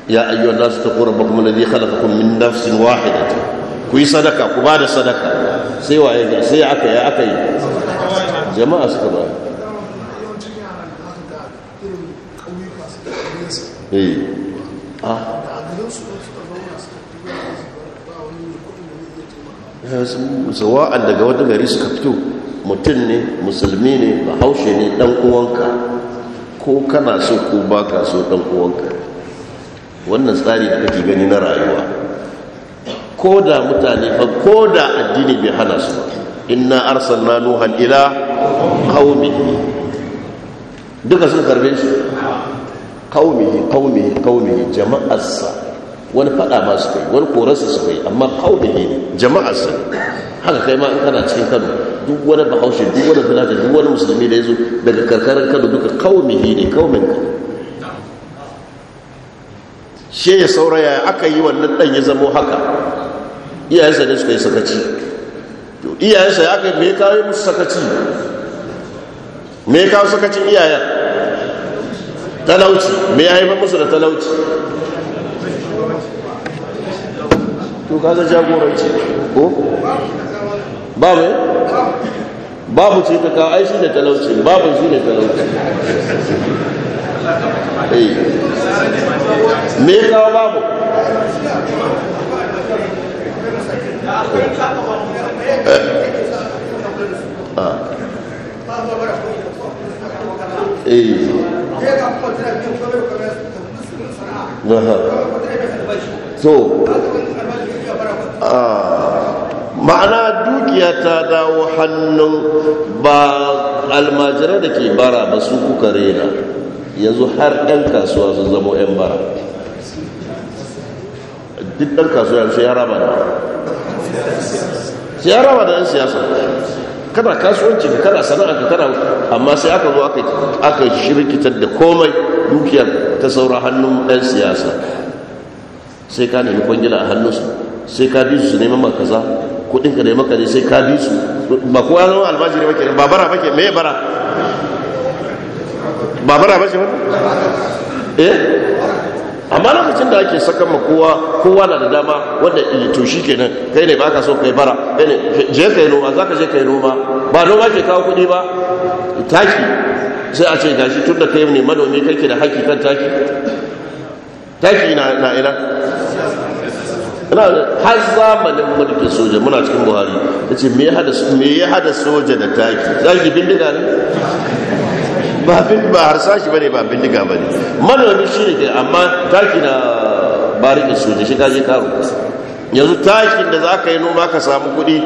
ya ayyuha nas taqu rabbakum alladhi khalaqakum min nafsin wahidatin ku yi sadaka ku ba da sadaka sai waye ga sai aka yi aka yi jama'a suka ba eh ah sawa'an daga wata gari suka fito mutum ne musulmi ne bahaushe ne dan uwanka ko kana so ko ba ka so ɗan uwanka wannan tsari da kake gani na rayuwa ko da mutane fa ko da addini bai hana su inna arsalna nuhan ila qaumihi duka sun karbe shi qaumihi qaumihi qaumihi jama'arsa wani fada ba su kai wani korarsa su kai amma qaumihi jama'arsa ne haka kai ma in kana cikin kano duk wani bahaushe duk wani filata duk wani musulmi da ya zo daga karkarar kano duka mihi ne kaumin kano Shi ya sauraya aka yi wannan dan ya zamo haka iyayensa ne suka yi sakaci to iyayensa ya aka me kawo musu sakaci me kawo sakacin iyayen talauci me ya haifar musu da talauci to kaga jagoranci ko babu babu ce ta kawo aishi da talauci babu shi da talauci me kawo babu eh. ah. so ah ma'ana dukiya ta dawo hannun ba almajirai da ke bara ba su kuka rena yanzu har ɗan kasuwa sun zama 'yan bara duk ɗan kasuwa yanzu ya raba da ya raba da 'yan siyasa kada kasuwanci ka kana sana'a ka kana amma sai aka zo aka shirkitar da komai dukiyar ta saura hannun 'yan siyasa sai ka nemi kwangila a hannunsu sai ka bi su neman makaza kudin ka da maka ne sai ka bi su ba kowa ya zama almajiri bake ba bara bake me bara ba bara bace wannan eh amma lokacin da ake sakan ma kowa kowa na da dama wanda eh, to shi kenan kai ne ba ka so kai bara kai ne je kai noma za ka je kai noma ba noma ke kawo kuɗi ba taki sai a ce gashi tun da kai ne manomi kai ke da haƙƙi kan taki taki na ina har zamanin mulkin soja muna cikin buhari ya ce me ya hada soja da taki za ki bindiga ne ba harsashi ba ne ba bindiga ba ne manomi shi ne ke amma taki na barikin soja shi kaje karo yanzu takin da za ka yi noma ka samu kuɗi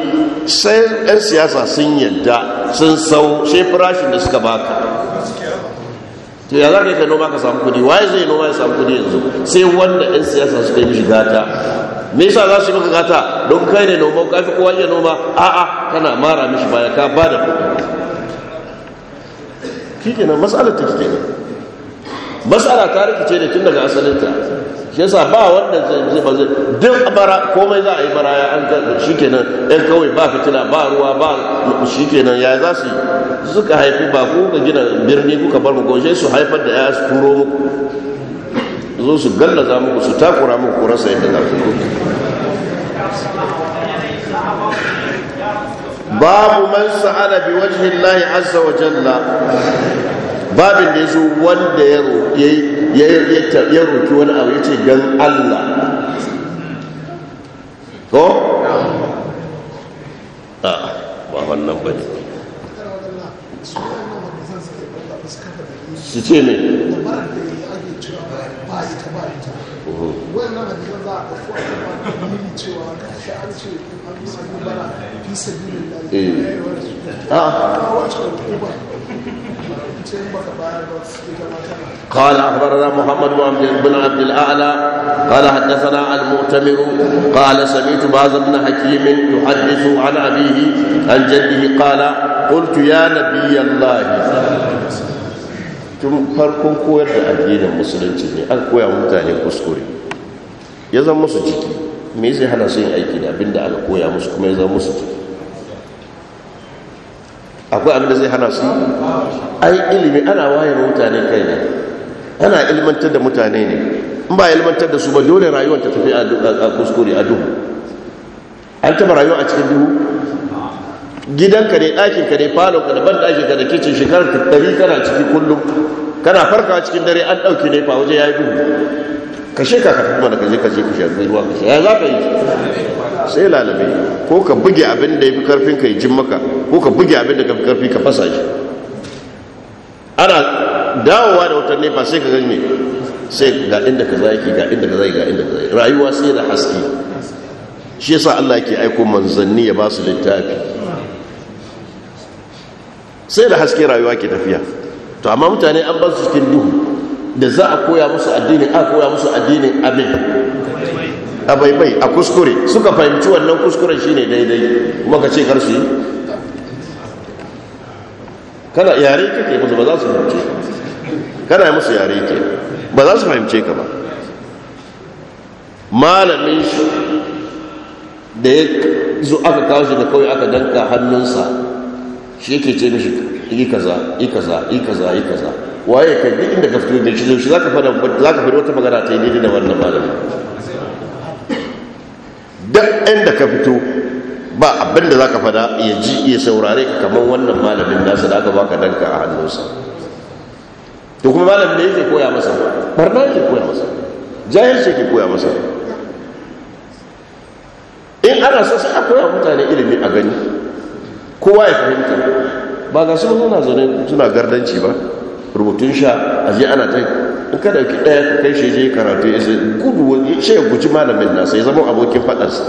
sai 'yan siyasa sun yadda sun sau sai farashin da suka baka to ya za ka yi ka noma ka samu kuɗi waye zai noma ya samu kuɗi yanzu sai wanda 'yan siyasa suka yi shiga gata me yasa za su maka gata don kai ne noma ka fi kowa iya noma a'a kana mara mishi baya ka ba da kuɗi kike nan mas'alar ta kike nan mas'ala ta rikice ne tun daga asalinta shi yasa ba wanda zai ba zai duk bara komai za a yi bara ya an shi kenan ɗan kawai ba fitila ba ruwa ba kenan ya za su suka haifi ba ku ga gina birni kuka bar mu goshe su haifar da ya su turo muku zo su gallaza muku su takura muku rasa yadda za su ku babu man sa'ala bi wajhi Allah azza wa jalla babin da yazo wanda ya roki ya roki wani abu yace dan Allah ko a ba wannan bane su ce ne Ka ita ba ita wannan hadisan za a ɗauko a kuma dalili cewa ga shi an ce an yi sabi bara fi sabi da ba قال اخبرنا محمد بن عبد الاعلى قال حدثنا المؤتمر قال سمعت باز بن حكيم يحدث عن عن جده قال قلت يا نبي الله tun farkon koyar da addinin musulunci ne an koya mutane kuskure ya zan musu jiki me zai hana su yin aiki da abin da aka koya musu kuma ya zama musu jiki akwai abin da zai hana su ai ilimi ana wayar mutane kai ne ana ilmantar da mutane ne in ba ilmantar da su ba dole rayuwar ta tafi a kuskure a duhu an taba rayuwa a cikin duhu gidanka ne ɗakinka ne falonka da ban ɗakinka da kicin shekarar ka ɗari kana ciki kullum kana farka cikin dare an ɗauki ne fa waje ya yi duhu ka sheka ka tafi mana ka je ka je ka shafi ruwa ka ya za ka yi sai lalabe ko ka buge abin da ya fi karfin ka yi jin maka ko ka buge abin da ka fi karfi ka fasa shi ana dawowa da wutar nefa sai ka gani ne sai ga inda ka zai ga inda ka zai ga inda ka zai rayuwa sai da haske shi yasa Allah yake aiko manzanni ya ba su littafi sai da haske rayuwa ke tafiya to amma mutane an basu su cikin duhu da za a koya musu addini a koya musu addinin abin a baibai a kuskure suka fahimci wannan kuskuren shine daidai kuma ka ce karsu yi kana yare kake musu ba za su fahimce kana musu yare ke ba za su fahimce ka ba malamin shi da ya zo aka kawo shi da kawai aka danka hannunsa shi ke ce mishi yi kaza yi kaza yi kaza yi kaza waye ka duk inda ka fito da shi zai zaka fada zaka fada wata magana ta yi da wannan malami duk inda ka fito ba abin da zaka fada ya ji ya saurare ka kamar wannan malamin nasa da aka baka danka a hannunsa to kuma malamin da yake koya masa barna yake koya masa jahilci yake koya masa in ana so sai a koya mutane ilimi a gani kowa ya fahimta ba ga sun suna zaune suna gardanci ba rubutun sha a je ana tai in ka dauki ɗaya ka kai shi je karatu ya sai gudu wani ce guji malamin nasa ya zama abokin fadarsa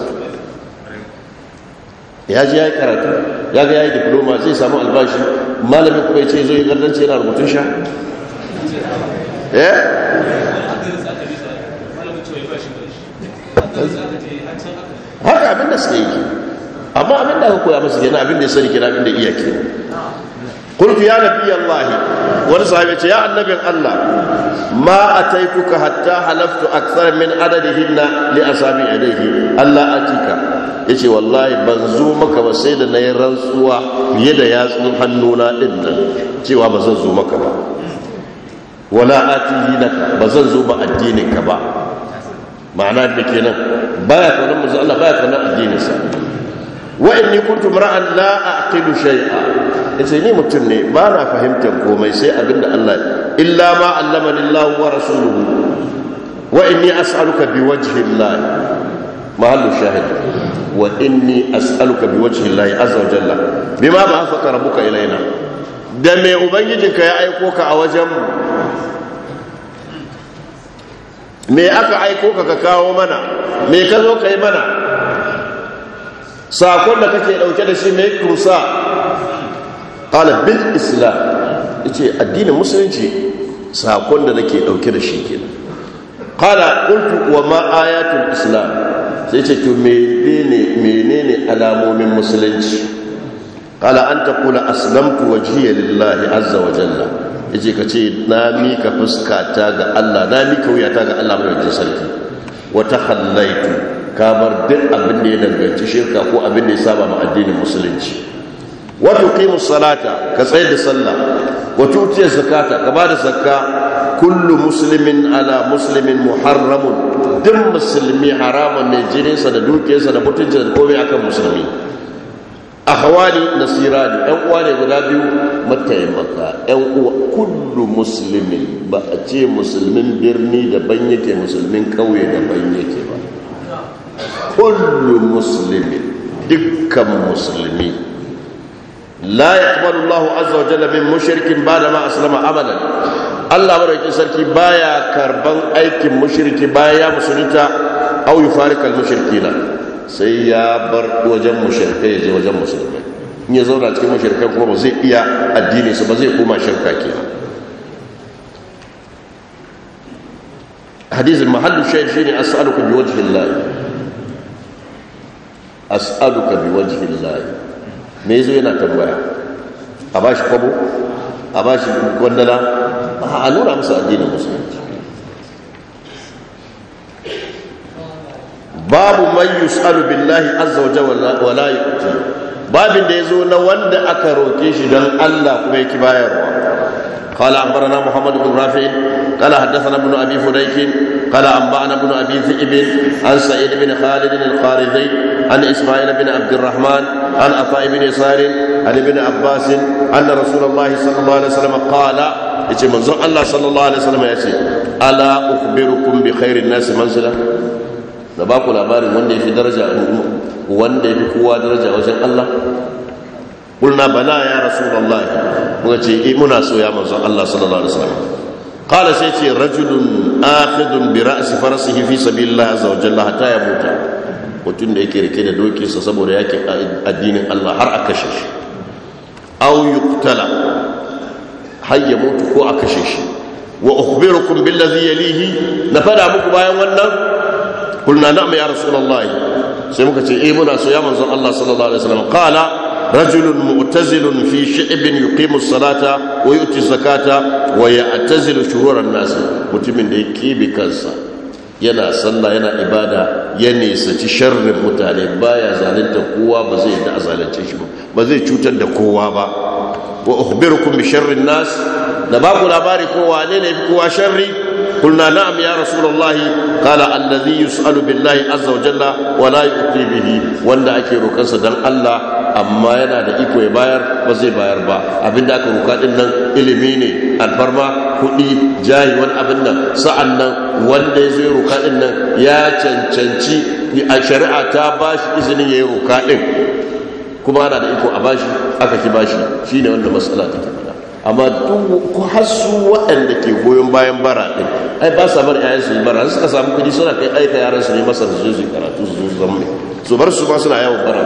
ya ji ya yi karatu ya ga ya yi diploma zai samu albashi malamin kuma ya ce zo yi gardanci yana rubutun sha eh? haka abin da suke yi amma abin da aka koya masu kenan abin da ya sani kenan abin da iya ke qultu ya nabi allah wani sahabi ce ya annabin allah ma a taifuka hatta halaftu akthar min a li asabi ilayhi allah atika ce wallahi ban zo maka ba sai da na yi rantsuwa fiye da yatsun hannuna ɗin nan cewa ba zan zo maka ba wala ka ba zan zo ba addinin ka ba ma'ana da kenan baya kaunar manzo Allah baya addinin sa. wa inni kuntu mar'an la aqilu shay'a yace ni mutum ne ba na fahimtar komai sai abinda Allah illa ma allamani Allah wa rasuluhu wa inni as'aluka bi wajihin Allah mahallu shahid wa inni as'aluka bi wajhi Allah azza wa jalla bima ba'athaka rabbuka ilaina da me ubangijinka ya aiko ka a wajen mu me aka aiko ka ka kawo mana me ka zo ka yi mana sakon da kake dauke da shi mai kusa ala bil islam yace addinin musulunci sakon da nake dauke da shi kenan qala qultu wa ma ayatul islam sai ce to menene menene alamomin musulunci qala an taqula aslamtu wajhiya lillahi azza wa jalla yace kace na mika fuskata ga Allah na mika wuyata ga Allah mai sarki wa takhallaitu kabar duk abin danganci shirka ko abin da ya saba ma addinin musulunci wa tuqimu salata ka tsayar da sallah wa tu'tiya zakata ka bada zakka kullu muslimin ala muslimin muharramun duk musulmi haramun ne jininsa da dukiyarsa da mutunci da komai akan musulmi akhawani nasirani ɗan uwa ne guda biyu mataimaka ɗan uwa kullu muslimin ba a ce musulmin birni daban yake musulmin kauye daban yake ba kullu musulmi dukkan musulmi la yaqbalu Allahu azza wa jalla min mushrikin da ma aslama abadan Allah baraki sarki Ba ya karban aikin mushriki Ba ya musulunta aw yufarika al mushrikina sai ya bar wajen mushrikai ya je wajen musulmai in ya zauna cikin mushrikai kuma ba zai iya addini su ba zai koma shirka ba. hadisin mahallu shayd shine as'alukum yi wajen Allah as'aluka bi llahi me yazo yana tambaya a bashi kwabo a bashi gwandala ba a nuna musu addinin musulunci babu man yus'alu billahi azza wa jalla wa la yu'ti babin da yazo na wanda aka roke shi dan Allah kuma yake bayarwa قال أخبرنا محمد بن رافع قال حدثنا ابن أبي فديك قال أنبأنا بن أبي ذئب عن سعيد بن خالد القارذي عن إسماعيل بن عبد الرحمن عن عطاء بن يسار عن ابن عباس أن رسول الله صلى الله عليه وسلم قال yace manzon Allah sallallahu alaihi wasallam ya ce ala ukhbirukum bi khairin nas manzila da ba ku labarin wanda yafi daraja wanda yafi kowa daraja wajen Allah kulna bala ya rasulullahi muka ce muna so ya Allah qala sai ce rajulun akhidun bi ra'si farasihi fi sabilillah azza wa jalla hatta yamuta mutum da yake rike da dokinsa saboda yake addinin Allah har a kashe shi aw yuqtala har ya mutu ko a kashe shi wa ukhbirukum billazi yalihi na fada muku bayan wannan kulna na'am ya rasulullahi sai muka ce eh muna so ya manzon Allah sallallahu alaihi wasallam qala رجل معتزل في شعب يقيم الصلاة ويؤتي الزكاة ويعتزل شرور الناس متمن دي كيبي كنسا yana sallah yana ibada ya nisaci sharrin mutane baya zalunta kowa ba zai da zalunce shi ba ba zai cutar da kowa ba wa ukhbirukum bi sharrin da labari ko wane ne kowa sharri قلنا نعم يا رسول الله قال الذي يسأل بالله عز وجل ولا يؤتي به وانا اكي روكنسا دان الله amma yana da iko ya bayar ba zai bayar ba abinda aka roka din nan ilimi ne alfarma kuɗi jahi wani abin nan sa'an nan wanda ya zo ya roka din nan ya cancanci a shari'a ta ba shi izinin ya yi roka din kuma ana da iko a bashi aka ki bashi shine wanda matsala take fada amma duk hasu waɗanda ke goyon bayan bara ɗin ai ba sa bar ƴaƴan su bara suka samu kuɗi suna kai aika yaran su ne masa su karatu su zo su zama su bar su ma suna yawan bara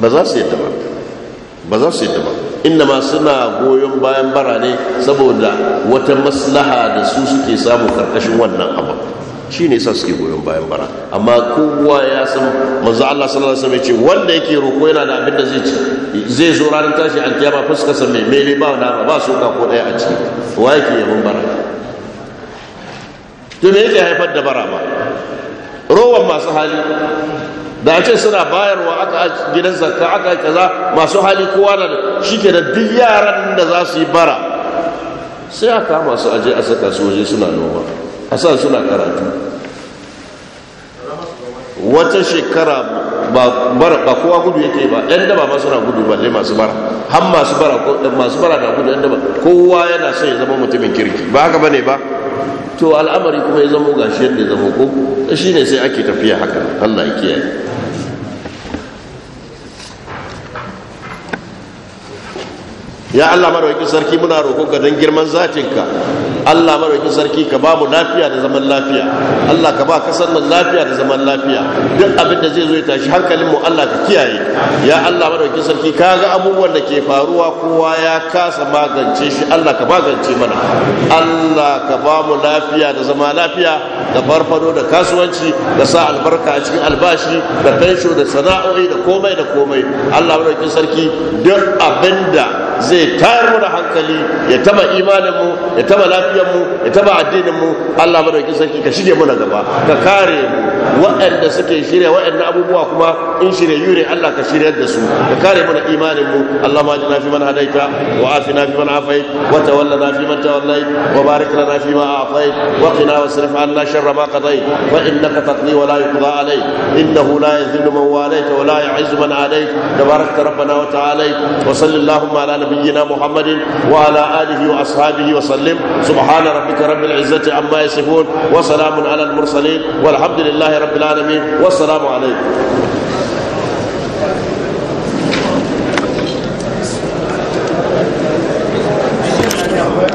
ba za su yadda ba ba za su yadda ba inda ma suna goyon bayan bara ne saboda wata maslaha da su suke samu karkashin wannan abu shi ne sa suke goyon bayan bara amma kowa ya san manzo Allah sallallahu alaihi wasallam ce wanda yake roko yana da abin da zai ci zai zo ranar tashi alkiyama fuska sa mai mele ba na ba su ka ko daya a ciki wa yake yaban bara to me yake haifar da bara ba rowan masu hali da ce suna bayarwa aka gidan zakka aka kaza masu hali kowa da shike da duk yaran da za su yi bara sai a kama su aje a saka su waje suna noma a sa suna karatu wata shekara bara ba kowa gudu yake ba yan daba ma suna gudu balle masu bara har masu bara ko masu bara na gudu yan daba kowa yana sai ya zama mutumin kirki ba haka bane ba to al'amari kuma ya zamo gashi yadda ya zamo ko shine sai ake tafiya haka Allah ya kiyaye ya Allah madaukakin sarki muna roƙonka don girman zatinka Allah madaukakin sarki ka ba mu lafiya da zaman lafiya Allah ka ba kasar mu lafiya da zaman lafiya duk abin da zai zo ya tashi hankalin mu Allah ka kiyaye ya Allah madaukakin sarki ka ga abubuwan da ke faruwa kowa ya kasa magance shi Allah ka magance mana Allah ka ba mu lafiya da zaman lafiya da farfado da kasuwanci da sa albarka a cikin albashi da fensho da sana'o'i da komai da komai Allah madaukakin sarki duk abin da zai tayar mu da hankali ya taba imaninmu ya taba mu ya taba addininmu allah madauki sarki ka shige muna gaba ka kare mu waɗanda suke shirya waɗanda abubuwa kuma in shirya yure allah ka shirya da su ka kare mana imaninmu allah ma ajina fi man hadaita wa afina fi man afait wa man wa barik lana fi ma wa qina wasrif anna sharra ma fa innaka taqdi wa la yuqda innahu la man wa la yu'izzu man tabarakta rabbana wa ta'ala wa sallallahu ala نبينا محمد وعلى آله وأصحابه وسلم سبحان ربك رب العزة عما يصفون وسلام على المرسلين والحمد لله رب العالمين والسلام عليكم